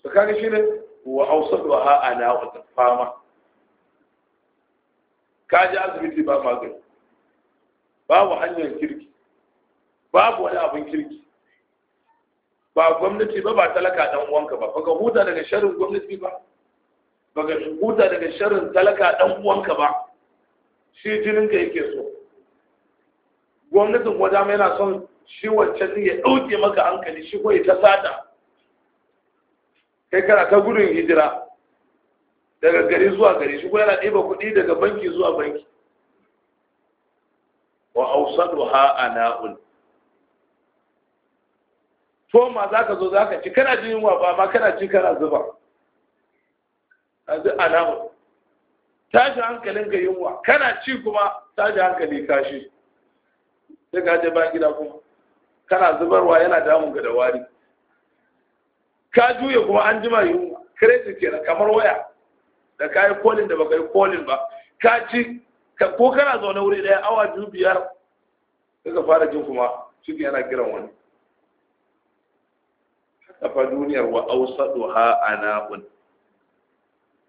su kaga shi ne wa ausar wa na wata fama ka ji asibiti ba magani babu hanyar kirki babu wani abin kirki ba gwamnati ba ba talaka dan uwanka ba baka huta daga sharrin gwamnati ba baka huta daga sharrin talaka dan uwanka ba shi jininka yake so gwamnatin kuma dama yana son shi wancan ne ya ɗauke maka hankali shi kawai ta sata kai kana ta gudun hijira daga gari zuwa gari shi kuma yana ɗiba kuɗi daga banki zuwa banki wa ausadu ha ana'un to ma za ka zo za ka ci kana jin yunwa ba ma kana ci kana zuba a duk tashi hankalin ka yunwa kana ci kuma tashi hankali kashi sai ka je ba gida kuma kana zubarwa yana damun ga da wari ka juya kuma an jima yi kredit kenan kamar waya da ka yi kolin da baka yi kolin ba ka ci ko kana zaune wuri daya awa biyu biyar suka fara jin kuma ciki yana kiran wani haka fa duniyar wa ausadu ha anaqun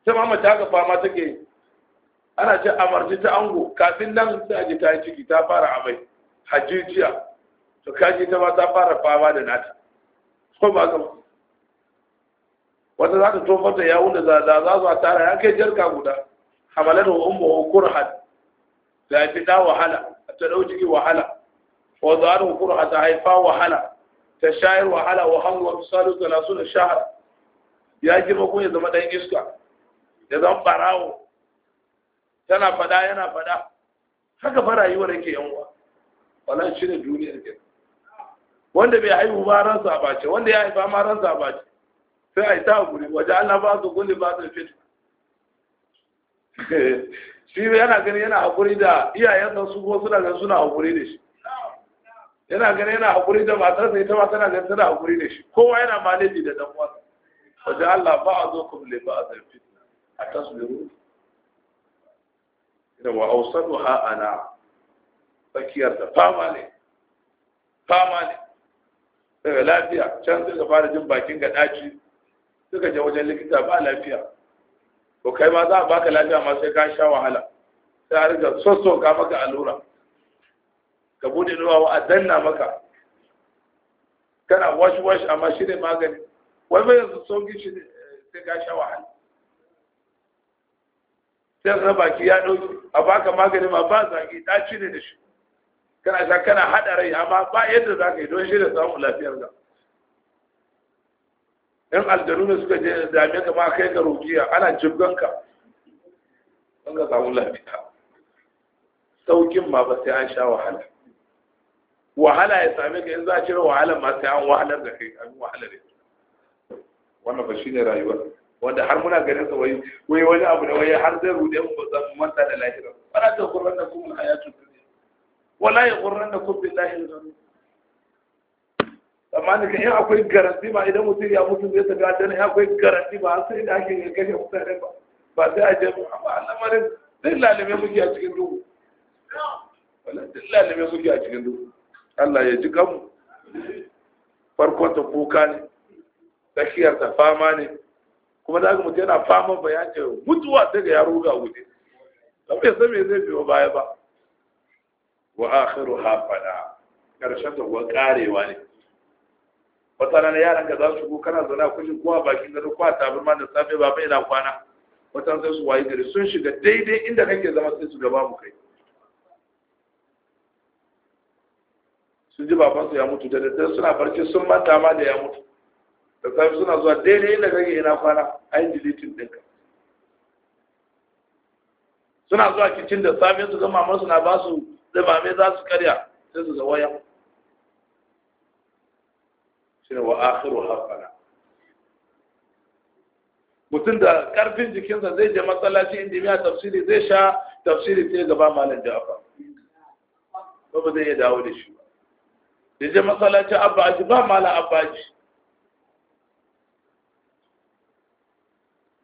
sai mamma ta ga fama take ana ce amarci ta ango kafin nan sai ji ta ciki ta fara amai hajijiya to kaji ta ma ta fara fama da nata ko ba ga wata za ta tofar da yawun da za za su tara ya kai jarka guda hamalar wa umma wa kurhan da fi ɗa wahala ta dau ki wahala wa zaru kurha ta haifa wahala ta shayar wahala wa da misalu 30 shahar ya girma ko ya zama dan iska ya zama barawo tana fada yana fada haka fa rake yan yanwa wala shi ne duniyar ke wanda bai haihu ba sa ba ce, wanda ya haifa ma sa ba ce, sai a yi ta guri waje Allah ba su gulli ba su fit shi yana gani yana hakuri da iyayensa su ko suna gani suna hakuri da shi yana gani yana hakuri da matarsa ita ma tana gani tana hakuri da shi kowa yana maleji da dan wasa. waje Allah ba a zo ku li ba a fit a tasbiru da wa ausatuha ana tsakiyar da fama ne fama ne daga lafiya can suka fara jin bakin ga ɗaci suka je wajen likita ba lafiya Ko kai ma za a baka lafiya ma sai ka sha wahala sai a riga soso ka maka allura ka bude ruwa wa danna maka kana wash wash amma shi ne magani wai bai yanzu sauki shi eh, sai ka sha wahala sai ka baki ya ɗauki a baka magani ma ba zaki ɗaci ne da shi kana sha kana haɗa rai amma ba yadda za ka yi don shi da samun lafiyar ka Yan aljanu ne suka je dame ka ma kai ka rukiya ana jibgan ka don ka samu lafiya saukin ma ba sai an sha wahala wahala ya same ka in za a cire wahala ma sai an wahalar da kai an wahalar da wannan ba shine rayuwar wanda har muna ganin sa wai wani abu da wai har zai rude mu ba za mu manta da lahira ana ta qur'an da kuma hayatu wala ya ƙurran da kun billahi da zanu amma daga in akwai garanti ba idan mutum ya mutu zai ta na in akwai garanti ba sai da ake gaggashe mutane ba ba sai a je mu amma al'amarin zai lalime muke a cikin duhu wala zai lalime muke a cikin duhu Allah ya ji kanmu farkon ta kuka ne tsakiyar ta fama ne kuma za ka mutu yana fama bayan ce mutuwa daga ya ruga wuce. Ɗan bai san me zai biyo baya ba. wa akhiru ha fada karshen da wa karewa ne wata rana yaran ka za su shigo kana zauna kushin kowa bakin gado kowa tabarma da safe ba bai na kwana wata sai su wayi gari sun shiga daidai inda kake zama sai su gaba mu kai sun ji babansu ya mutu da daddare suna barci sun manta ma da ya mutu da safe suna zuwa daidai inda kake ina kwana ai dilitin ɗinka suna zuwa kicin da safe su ga mamansu na ba su mai za su karya sai su zawaya shi wa akhiru hafala mutum da karfin jikinsa zai je matsalashi inda a tafsiri zai sha tafsiri sai gaba malam jafa ba ba zai iya dawo da shi da je abba abbaji ba malam abbaji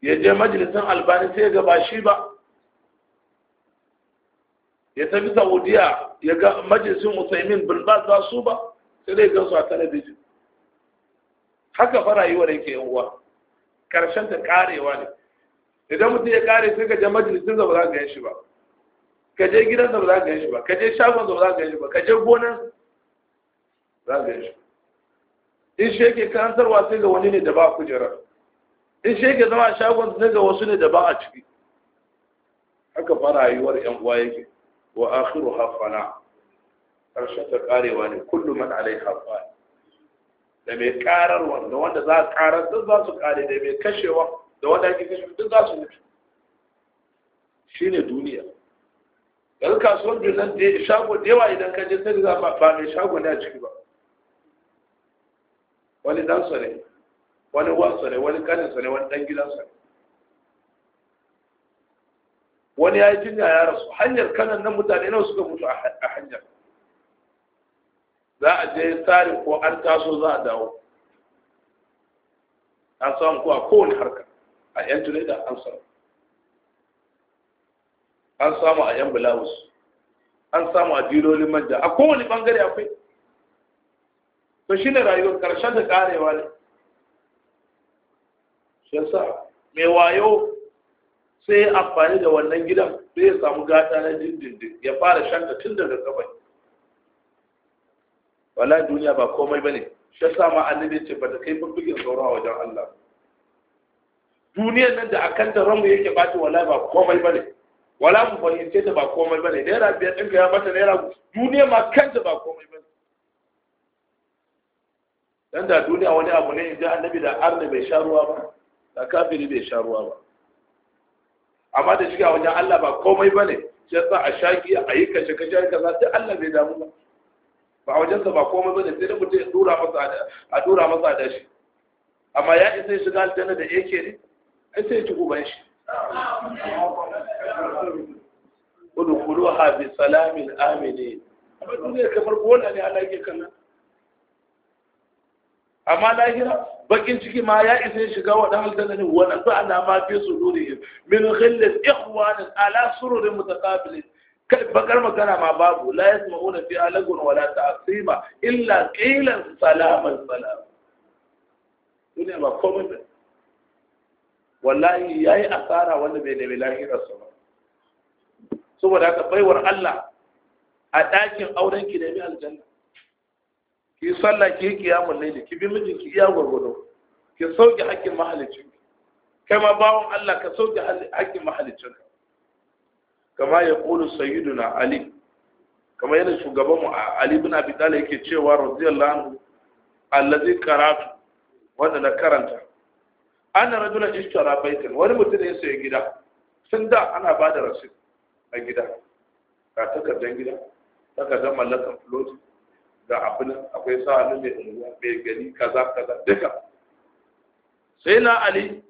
ya je majalisan albani sai gaba shi ba ya tafi saudiya ya ga majalisin usaimin bin ba za su ba sai dai gansu a talabijin haka fara yi wani yan uwa karshen ta karewa ne idan mutum ya kare sai ka je majalisin da ba za ka shi ba ka je gidan da ba za ka shi ba ka je shagon da ba za ka shi ba ka je gonan za ka shi in shi yake karantarwa sai ga wani ne da ba kujerar in shi yake zama shagon sai ga wasu ne da ba a ciki haka fara rayuwar yan uwa yake wa akhiru hafana ƙarshen ta ƙarewa ne kullum man alai hafana da mai ƙararwa da wanda za a ƙarar duk za su ƙare da mai kashewa da wanda ake kashewa duk za su mutu shi ne duniya yanzu kasuwar nan da shago da yawa idan ka je sai da ba mai shago ne a ciki ba wani dansa ne wani wansa ne wani ƙaninsa ne wani ɗan gidansa ne wani ya yi jinya ya rasu hanyar kanan nan mutane nawa suka mutu a hanyar za a je tsarin ko an taso za a dawo an samu ko a kowane harka a yan tunida an samu an samu a yan bulawus an samu a dilolin manja a kowane bangare akwai to shi ne rayuwar karshen da karewa ne shi yasa mai wayo sai amfani da wannan gidan sai ya samu gata na dindindin ya fara shanka tun daga kamar. wala duniya ba komai bane shi yasa ma annabi ce ba ta kai bubbugin sauran a wajen Allah duniyar nan da akan da ranmu yake bata wala ba komai bane wala mu fahimce ta ba komai bane naira biyar ɗinka ya mata naira duniya ma kanta ba komai bane dan da duniya wani abu ne in ji annabi da arna bai sha ruwa ba da kafiri bai sha ruwa ba amma da shiga wajen Allah ba komai bane sai sa a shaki a yi kashe kashe za sai Allah bai damu ba ba a wajensa ba komai bane sai da mutum ya dura masa a dura masa da shi amma ya isa shiga aljanna da yake ne ai sai ya ci uban shi udkhuluha bi salamin aminin amma duniya kamar wannan ne Allah yake kallon amma lahira bakin ciki ma ya isa shiga wa dan aljanna ne wa nasu ala ma fi sudurihim min ghillin ikhwanin ala sururin mutaqabilin kai bakar magana ma babu la yasma'una fi alagun wala ta'sima illa qilan salaman salam duniya ba komai ba wallahi yayi asara wanda bai lahira lahirarsa ba saboda haka baiwar Allah a ɗakin auren ki nemi aljanna ki sallah ki yi kiyamul layli ki bi mijinki iya gwargwado, ki sauke hakkin mahalicin kai ma bawon Allah ka sauke hakkin mahalicin kama ya qulu sayyiduna ali kama yana shugaban mu ali ibn abi talib yake cewa radiyallahu anhu allazi karatu wanda na karanta ana rajula ishtara baitan wani mutum ya sayi gida sun da ana ba da rasid a gida ka takardar gida takardar mallakar floti da abin akwai sa hannu mai unguwa mai gani kaza kaza duka sai na ali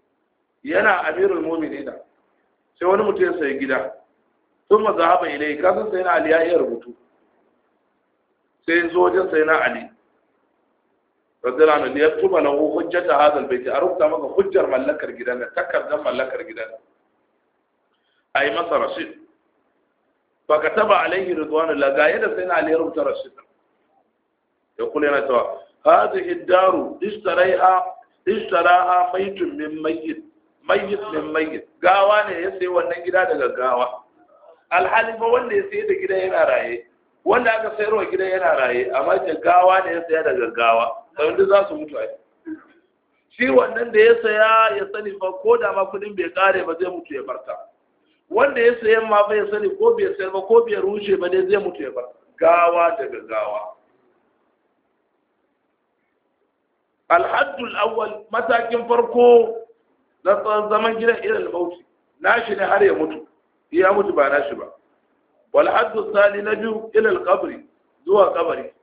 yana amirul mu'minina sai wani mutum ya sayi gida sun maza haɓa ilai kasan sai na ali ya iya rubutu sai zo wajen sai na ali radiyar na ne ya tuba na hujjata hazal bai a rubuta maka hujjar mallakar gidan da takardar mallakar gidan a yi masa rashid ba ka taba alaihi rizwanu la ga yadda sai na ali ya rubuta rashid ya kula yana cewa hadhihi daru istaraiha istaraha maitun min mayyit mayyit min mayyit gawa ne ya sai wannan gida daga gawa alhali ba wanda ya sai da gida yana raye wanda aka sayar wa gida yana raye amma da gawa ne ya saya daga gawa sai za su mutu ai shi wannan da ya saya ya sani ba ko da ma kudin bai kare ba zai mutu ya barta wanda ya sayan ma fa ya sani ko bai sayar ba ko bai rushe ba dai zai mutu ya barta gawa daga gawa alhaddul awwal matakin farko na tsawon zaman gidan irin mauti nashi ne har ya mutu ya mutu ba nashi ba wal haddu sali na biyu ila alqabri zuwa kabari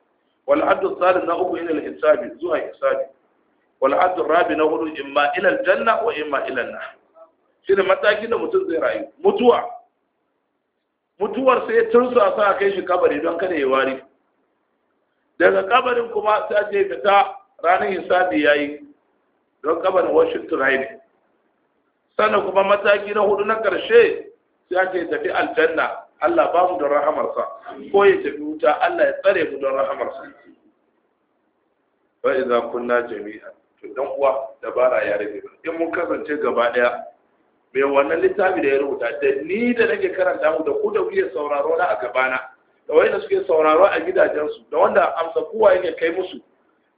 wal haddu sali na uku ila alhisabi zuwa hisabi wal haddu rabi na hudu imma ila aljanna wa imma ila an-nar shine matakin da mutum zai rayu mutuwa mutuwar sai tun su a sa kai shi kabari don kada ya wari daga kabarin kuma sai je fita ranar hisabi ya yi don kabarin washin turai ne sannan kuma mataki na hudu na ƙarshe sai ake tafi aljanna Allah ba mu don rahamarsa ko ya tafi wuta Allah ya tsare mu don rahamarsa ba idan kunna jami'a to dan uwa dabara ya rage ba in mun kasance gaba daya mai wannan littafi da ya rubuta da ni da nake karanta mu da ku da kuke sauraro na a gabana da wanda suke sauraro a gidajensu da wanda amsa kowa yake kai musu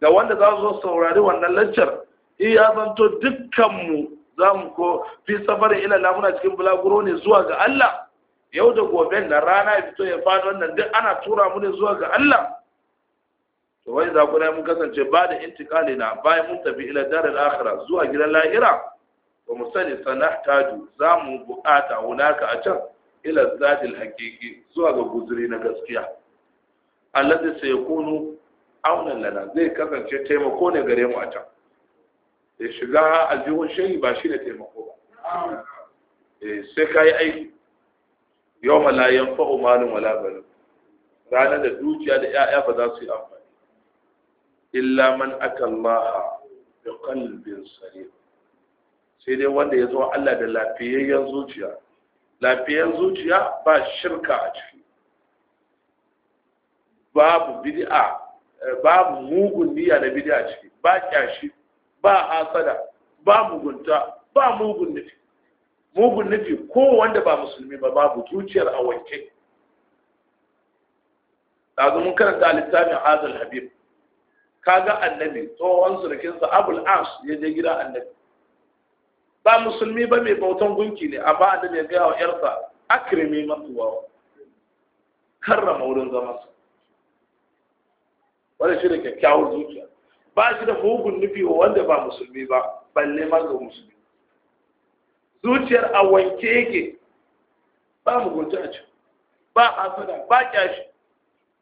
ga wanda za su saurari wannan lancar in ya zanto dukkanmu za mu ko fi safari ila lamuna cikin bulaguro ne zuwa ga Allah yau da gobe na rana ya fito ya faɗi wannan duk ana tura mu ne zuwa ga Allah to wai za ku dai mun kasance ba da intikali na bayan mun tafi ila darul akhira zuwa gidan lahira wa mu sani sanahtaju za mu buƙata hunaka a can ila zatil haqiqi zuwa ga guzuri na gaskiya allazi sayakunu aunan lana zai kasance taimako ne gare mu a can ya shiga aljihun shayi ba shi ne taimako ba eh, sai ka yi aiki yau malayan fa'o malin walabalin ranar da dukiya da ‘ya'ya ba za su yi amfani illa man aka laha da kalbin sare sai dai wanda ya zo Allah da lafiyayyen zuciya lafiyayyen zuciya ba shirka a ciki babu bidi'a. Eh, babu mugun niyya da bid'a ciki ba kyashi ba hasada ba mugunta ba mugun nufi mugun nufi ko wanda ba musulmi ba babu zuciyar a wanke dazu mun karanta littafin hazal habib kaga annabi tsohon surukinsa abul as ya je gida annabi ba musulmi ba mai bautan gunki ne amma annabi ya gaya wa yarsa akrimi masuwa karrama wurin zamansa wanda shi da kyakkyawar zuciya ba shi da mugun nufi wa wanda ba musulmi ba balle ma ga musulmi zuciyar a wanke yake ba gunta a ci ba a hasada ba kyashi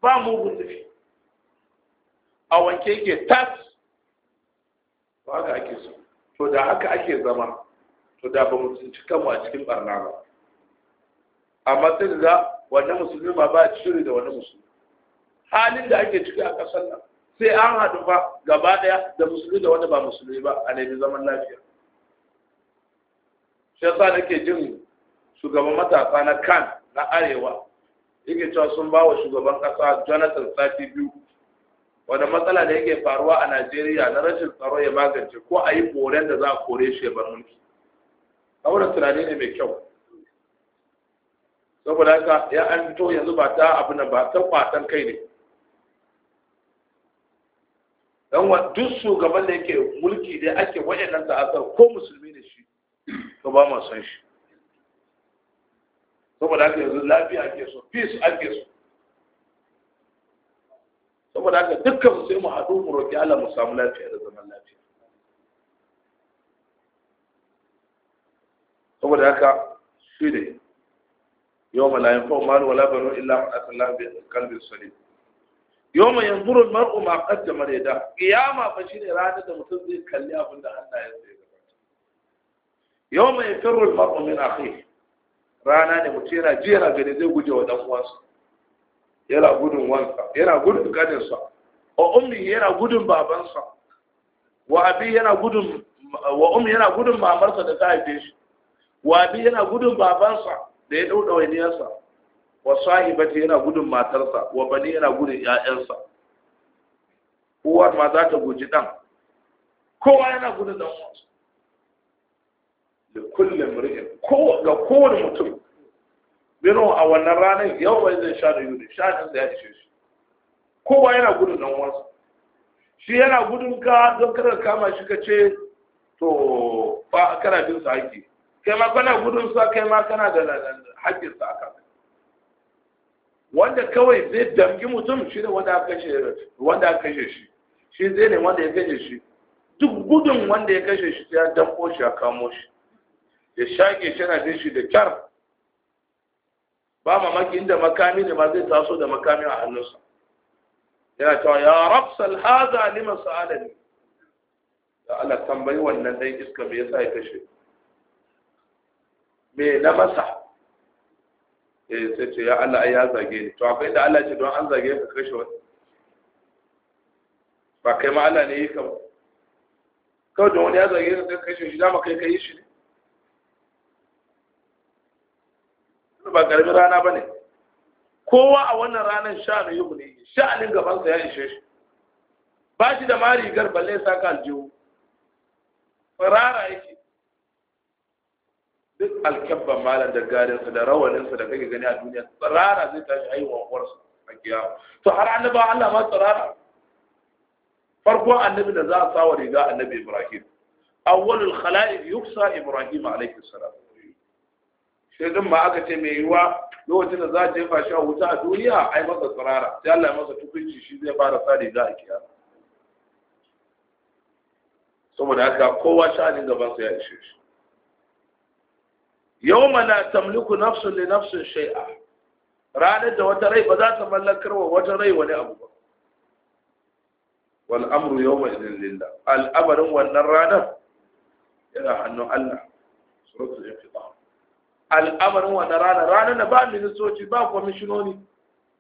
ba mugun nufi a wanke yake tas to haka ake so to da haka ake zama to da ba mu tsinci kanmu a cikin barna ba amma sai da wani musulmi ma ba shiri da wani musulmi halin da ake ciki a ƙasar nan sai an haɗu ba gaba ɗaya da musulmi da wanda ba musulmi ba a nemi zaman lafiya shi yasa nake jin shugaban matasa na kan na arewa yake cewa sun ba wa shugaban ƙasa jonathan sati biyu wanda matsala da yake faruwa a najeriya na rashin tsaro ya magance ko a yi boren da za a kore shi ya bar mulki saboda tunani ne mai kyau saboda haka ya an fito yanzu ba ta abu na ba ta kwatan kai ne dan wa duk shugaban da yake mulki da ake wayannan ta'azzar ko musulmi ne shi to ba ma san shi saboda haka yanzu lafiya ake so peace ake so saboda haka dukkan su sai mu haɗu mu roƙi Allah mu samu lafiya da zaman lafiya saboda haka shi ne yau malayin fa'umaru wala banu illa ma'atallahi bi qalbin salim mai yanzuru al-mar'u ma qaddama mareda qiyama fa shine rana da mutum zai kalli abin da Allah ya zai gabata yawma yafirru al-mar'u min akhi rana ne mutum yana ji yana gani zai guje wa dan uwansa yana gudun wansa yana gudun sa wa ummi yana gudun sa wa abi yana gudun wa ummi yana gudun mamarsa da ta haife shi wa abi yana gudun baban sa da ya dau yasa wa sahibati yana gudun matarsa wa bani yana gudun ƴaƴansa uwar ma za ta guji ɗan. kowa yana gudun ɗan uwansa da kullum ri'in ga kowane mutum biro a wannan ranar yau bai zai sha da yuni sha da ya ishe shi kowa yana gudun ɗan uwansa shi yana gudun ka don kada kama shi ka ce to ba kana bin sa haƙƙi kai ma kana gudun sa kai ma kana da haƙƙin sa akan wanda kawai zai damgi mutum shi ne wanda aka kashe wanda aka kashe shi shi zai ne wanda ya kashe shi duk gudun wanda ya kashe shi ya damko shi ya kamo shi ya shage shi na shi da kyar ba mamaki inda makami ne ma zai taso da makami a hannunsa yana cewa ya rafsal haza lima sa'alani da Allah tambayi wannan dai iska me yasa ya kashe me na masa Eh, sai ce ya Allah ai ya zage ni to akwai da Allah ce don an zage ka kashe wani ba kai ma Allah ne yi ka ba kawai don wani ya zage ka sai kashe shi dama kai ka yi shi ne ba garbi rana ba ne kowa a wannan ranar sha'anin yi ne sha'anin gabansa ya ishe shi ba shi da ma rigar balle sa ka aljihu rara yake duk alkyabban malam da garinsa da rawaninsa da kake gani a duniya tsirara zai tashi haihuwa uwarsa a kiyama to har annaba Allah ma tsirara farko annabi da za a sa wa riga annabi Ibrahim awwalul khalaiq yuksa Ibrahim alayhi salam sai din ma aka ce me yiwa lokacin da za a jefa shi a wuta a duniya ai masa tsirara sai Allah ya masa tukunci shi zai fara sa riga a kiyama saboda haka kowa sha'anin gaban sa ya ishe shi yau mana tamliku nafsun li nafsun shai'a ranar da wata rai ba za ta mallakar wa wata rai wani abu ba wal amru yau mai lillah al'amarin wannan ranar yana hannun allah suratul ba. al'amarin wannan ranar ranar na ba ministoci ba kwamishinoni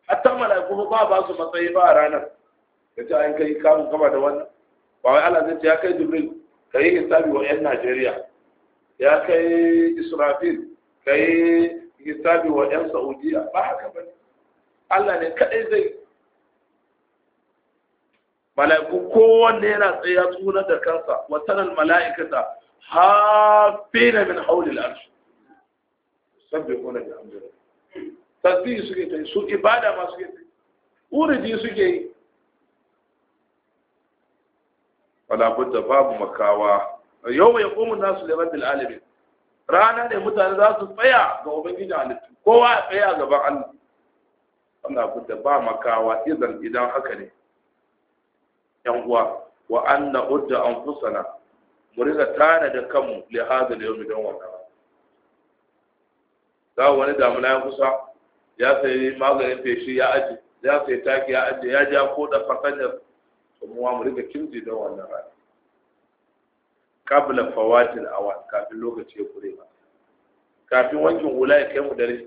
hatta mala'iku ba ba su matsayi ba a ranar Ya ce an kai kamun kama da wannan ba wai allah zai ce ya kai jibril ka yi hisabi wa 'yan najeriya ya kai israfil kai hisabi wa yan saudiya ba haka ba Allah ne kaɗai zai mala'iku kowanne yana tsaye tsunar da kansa wa taral mala'ikata na min hawlil arsh sabbihuna bihamdillah tasbih suke ta su ibada ma suke ta uridi suke yi wala budda babu makawa yau ya komu nasu da rabbil rana ne mutane za su tsaya ga ubangiji halittu kowa ya tsaya gaban Allah Allah kuta ba makawa idan idan haka ne yan uwa wa anna udda anfusana mu riga tana da kanmu da hada yawmi dan wannan za wani damuna ya kusa ya sayi maganin feshi ya aji ya sayi taki ya aji ya ja ko da fatanyar kuma mu riga kimji don wannan rana Kabla fawatil awa kafin lokaci ya kure ba kafin wankin wula ya kai mu dare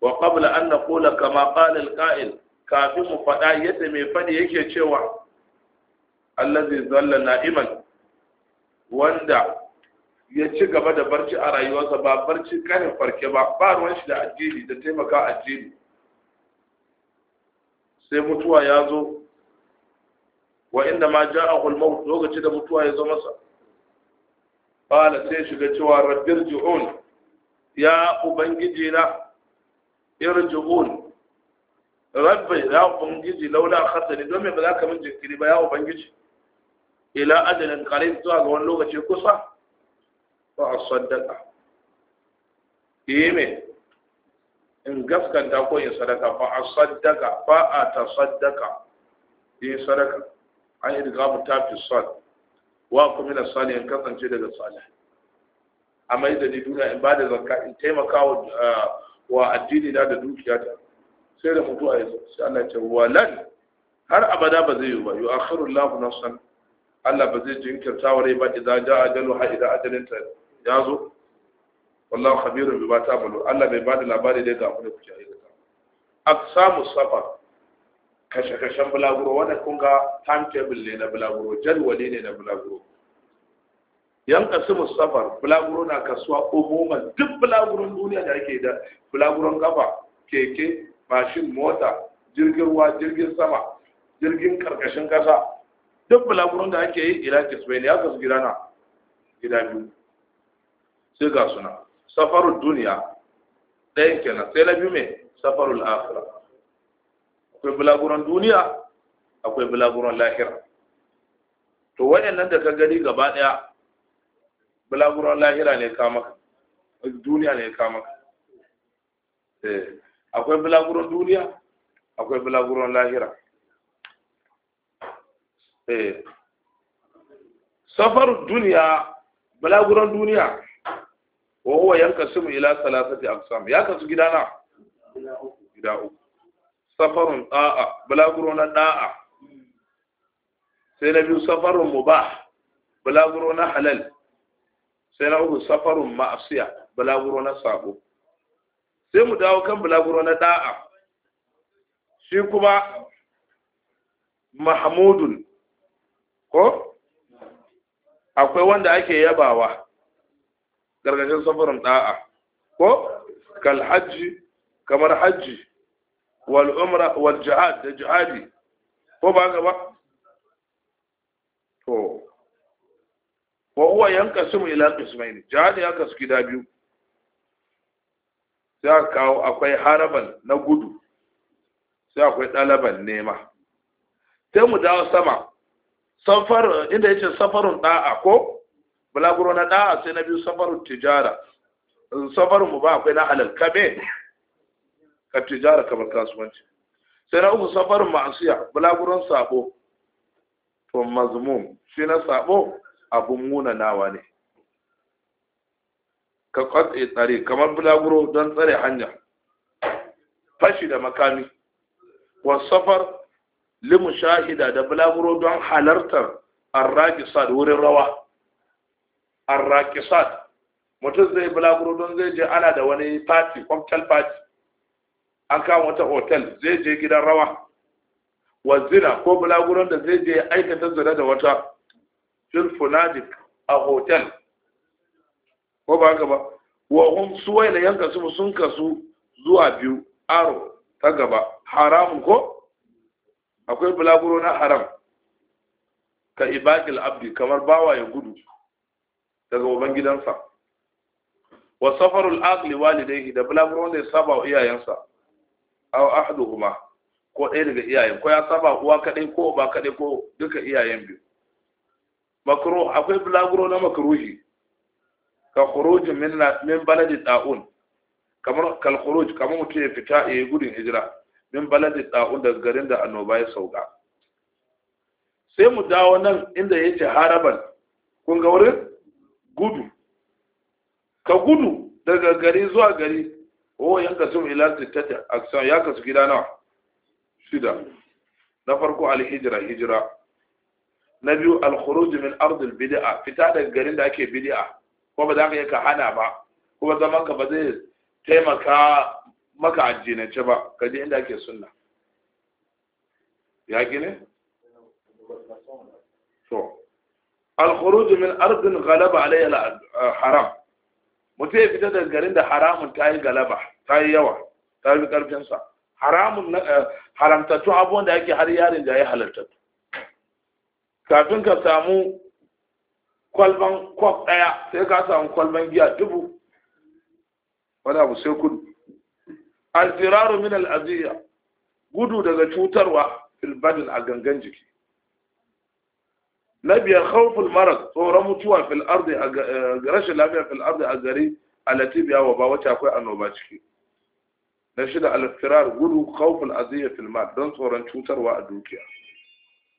wa qabla an naqula kama qala al kafin mu faɗa yadda mai fadi yake cewa allazi zalla na'iman wanda ya ci gaba da barci a rayuwarsa ba barci kanin farke ba ba ruwan shi da addini da taimaka addini sai mutuwa ya zo wa inda ma ja a hulma lokaci da mutuwa ya zo masa Fala sai shiga cewa rabbir ju'un ya ubangiji na irji'un rabbi ya ubangiji laula khatani don me ba za ka min jinkiri ba ya ubangiji ila ajalin qarib zuwa ga wani lokaci kusa fa asaddaqa yime in gaskanta ko in sadaka fa a fa sadaka, yi sadaka an idgamu ta fi sol wa ku na Sani, yan kasance daga a mai da ni duniya in ba da zakka in taimaka wa uh, addini da dukiya ta sai da mutuwa ya sai Allah ya ce walan har abada ba zai yi ba yu'akhiru na nafsan Allah ba zai jinkirta wa rai ba idan ja ajalu ha idan ajalin ta ya zo wallahu khabirun ta ta'malu Allah bai ba da labari da ga abin da kuke aikata aksamu safar kashe-kashen bulaguro wanda kun ga timetable ne na bulaguro jadwali ne na bulaguro yan kasu musafar bulaguro na kasuwa umuman duk bulaguron duniya da ake da bulaguron kafa keke mashin mota jirgin ruwa jirgin sama jirgin karkashin kasa duk bulaguron da ake yi ila kisbai ne ya kasu gida na gida biyu sai ga suna safarun duniya ɗayan kenan sai na biyu mai safarun afirka akwai bulaguron duniya akwai bulaguron lahira to waɗannan da ka gani gaba ɗaya bulaguron lahira ne ka maka duniya ne ka maka eh, akwai bulaguron duniya akwai bulaguron lahira eh, safar duniya bulaguron duniya wa huwa yankasimu ila salasati aqsam ya kasu gidana gida uku safarun da'a bulaguro na da'a sai na biyu safarun mubah bulaguro na halal sai na uku safarun ma'asiya bulaguro na sabo sai mu dawo kan bulaguro na da'a shi kuma mahmudun ko akwai wanda ake yabawa gargajen safarun da'a ko Hajji kamar hajji wal umra da ji'adi, ko ba ga ba to wa huwa yanqasimu ila qismayn jihadi ya kasu gida biyu sai aka kawo akwai haraban na gudu sai akwai ɗalaban nema sai mu dawo sama safar inda yace safarun ɗa'a ko bulaguro na ɗa'a, sai na biyu safarun tijara safarun mu ba akwai na halal kabe ka tijara kamar kasuwanci sai na uku safarin ma'asiya bulaguran sabo to mazmum shi na sabo abun nawa ne ka kwatsa tsare kamar bulaguro don tsare hanya fashi da makami wa safar limu shahida da bulaguro don halartar arrakisad wurin rawa arrakisad mutum zai bulaguro don zai je ana da wani fati cocktail fati an kama wata hotel zai je gidan rawa wa zina ko bulaguron da zai je aikata zina da wata filfunadik a hotel ko ba haka ba wa hun suwai na yanka su sun kasu zuwa biyu aro ta gaba haramun ko akwai bulaguro na haram ka ibadil abdi kamar bawa ya gudu daga uban gidansa wa safarul aqli walidayhi da bulaguro ne ya saba wa iyayensa aw ahduhuma ko ɗaya daga iyayen ko ya saba uwa kaɗai ko ba kaɗai ko duka iyayen biyu Makro akwai bulaguro na makruhi ka khuruj min min baladi da'un kamar kal khuruj kamar mutum ya fita ya gudun hijira min baladi da'un daga garin da annoba ya sauka sai mu dawo nan inda ya ce haraban kun ga wurin gudu ka gudu daga gari zuwa gari o yanka sun ila sittati aksan ya kasu gida Sida, na farko al-hijra hijra na biyu al-khuruj min ard al-bid'a fita daga garin da ake bid'a ko ba za ka yi ka hana ba ko kuma zaman ka ba zai taimaka maka addinance ba ka je inda ake sunna ya gine to al-khuruj min ardin ghalaba alayhi haram mutum ya fita daga garin da haramun ta yi galaba ta yi yawa ta yi karfinsa haramun eh, haramtattu abubuwan da ake har yarin da ya halartattu kafin ka samu kwalban kwaf ɗaya sai ka samu kwalban giya dubu wani abu sai kudu alfiraru min al'aziyya gudu daga cutarwa filbadin a gangan jiki na biyar khawful mara tsoron mutuwa fil ardi eh, rashin lafiya fil a gari alati biya wa ba wacce akwai annoba ciki na shida alfirar gudu khawful aziyya filmar don tsoron cutarwa a dukiya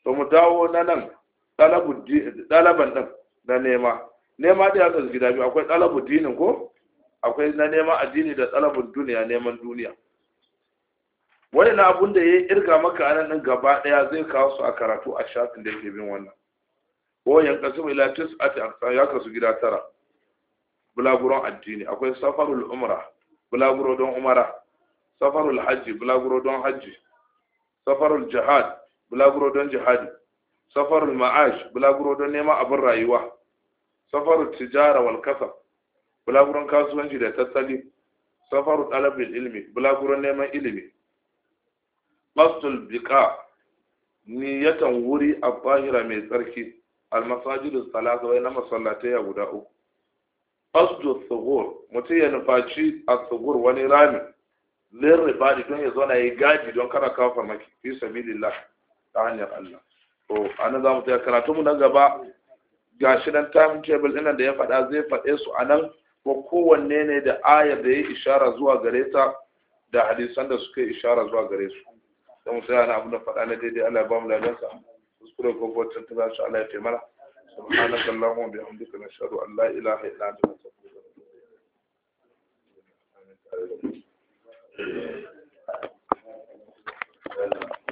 to mu dawo na nan ɗaliban din na nema nema da yadda gida biyu akwai dalabu dinin ko akwai na nema addini da ɗalibin duniya neman duniya wani na abun da ya irga maka anan din gaba daya zai kawo su a karatu a shafin da ke bin wannan ko yankasu ila a aqsam ya kasu gida tara bulaguron addini akwai safarul umra bulaguro don umara safarul hajji bulaguro don hajji safarul jihad bulaguro don jihadi safarul ma'ash bulaguro don neman abin rayuwa safarul tijara wal kasab bulaguron kasuwanci da tattali safarul talabul ilmi bulaguron neman ilimi qasdul biqa niyatan wuri a bahira mai tsarki almasajidu salasa wai na masallatai ya guda uku asdu sugur mutum ya nufaci a sugur wani rami lin ribadi don ya zauna ya gaji don kada kawo farmaki fi sabilillah ta hanyar Allah to anan za mu tsaya karatu mu na gaba gashi nan time table ɗin da ya faɗa zai faɗe su anan ko kowanne ne da ayar da ya ishara zuwa gare ta da hadisan da suka ishara zuwa gare su don mu tsaya na abu da faɗa na daidai Allah ya ba mu ladansa roƙon wata ta za su ala ya mana subhanaka allahumma wa bihamdika nashhadu an la ilaha illa anta nastaghfiruka wa natubu ilayk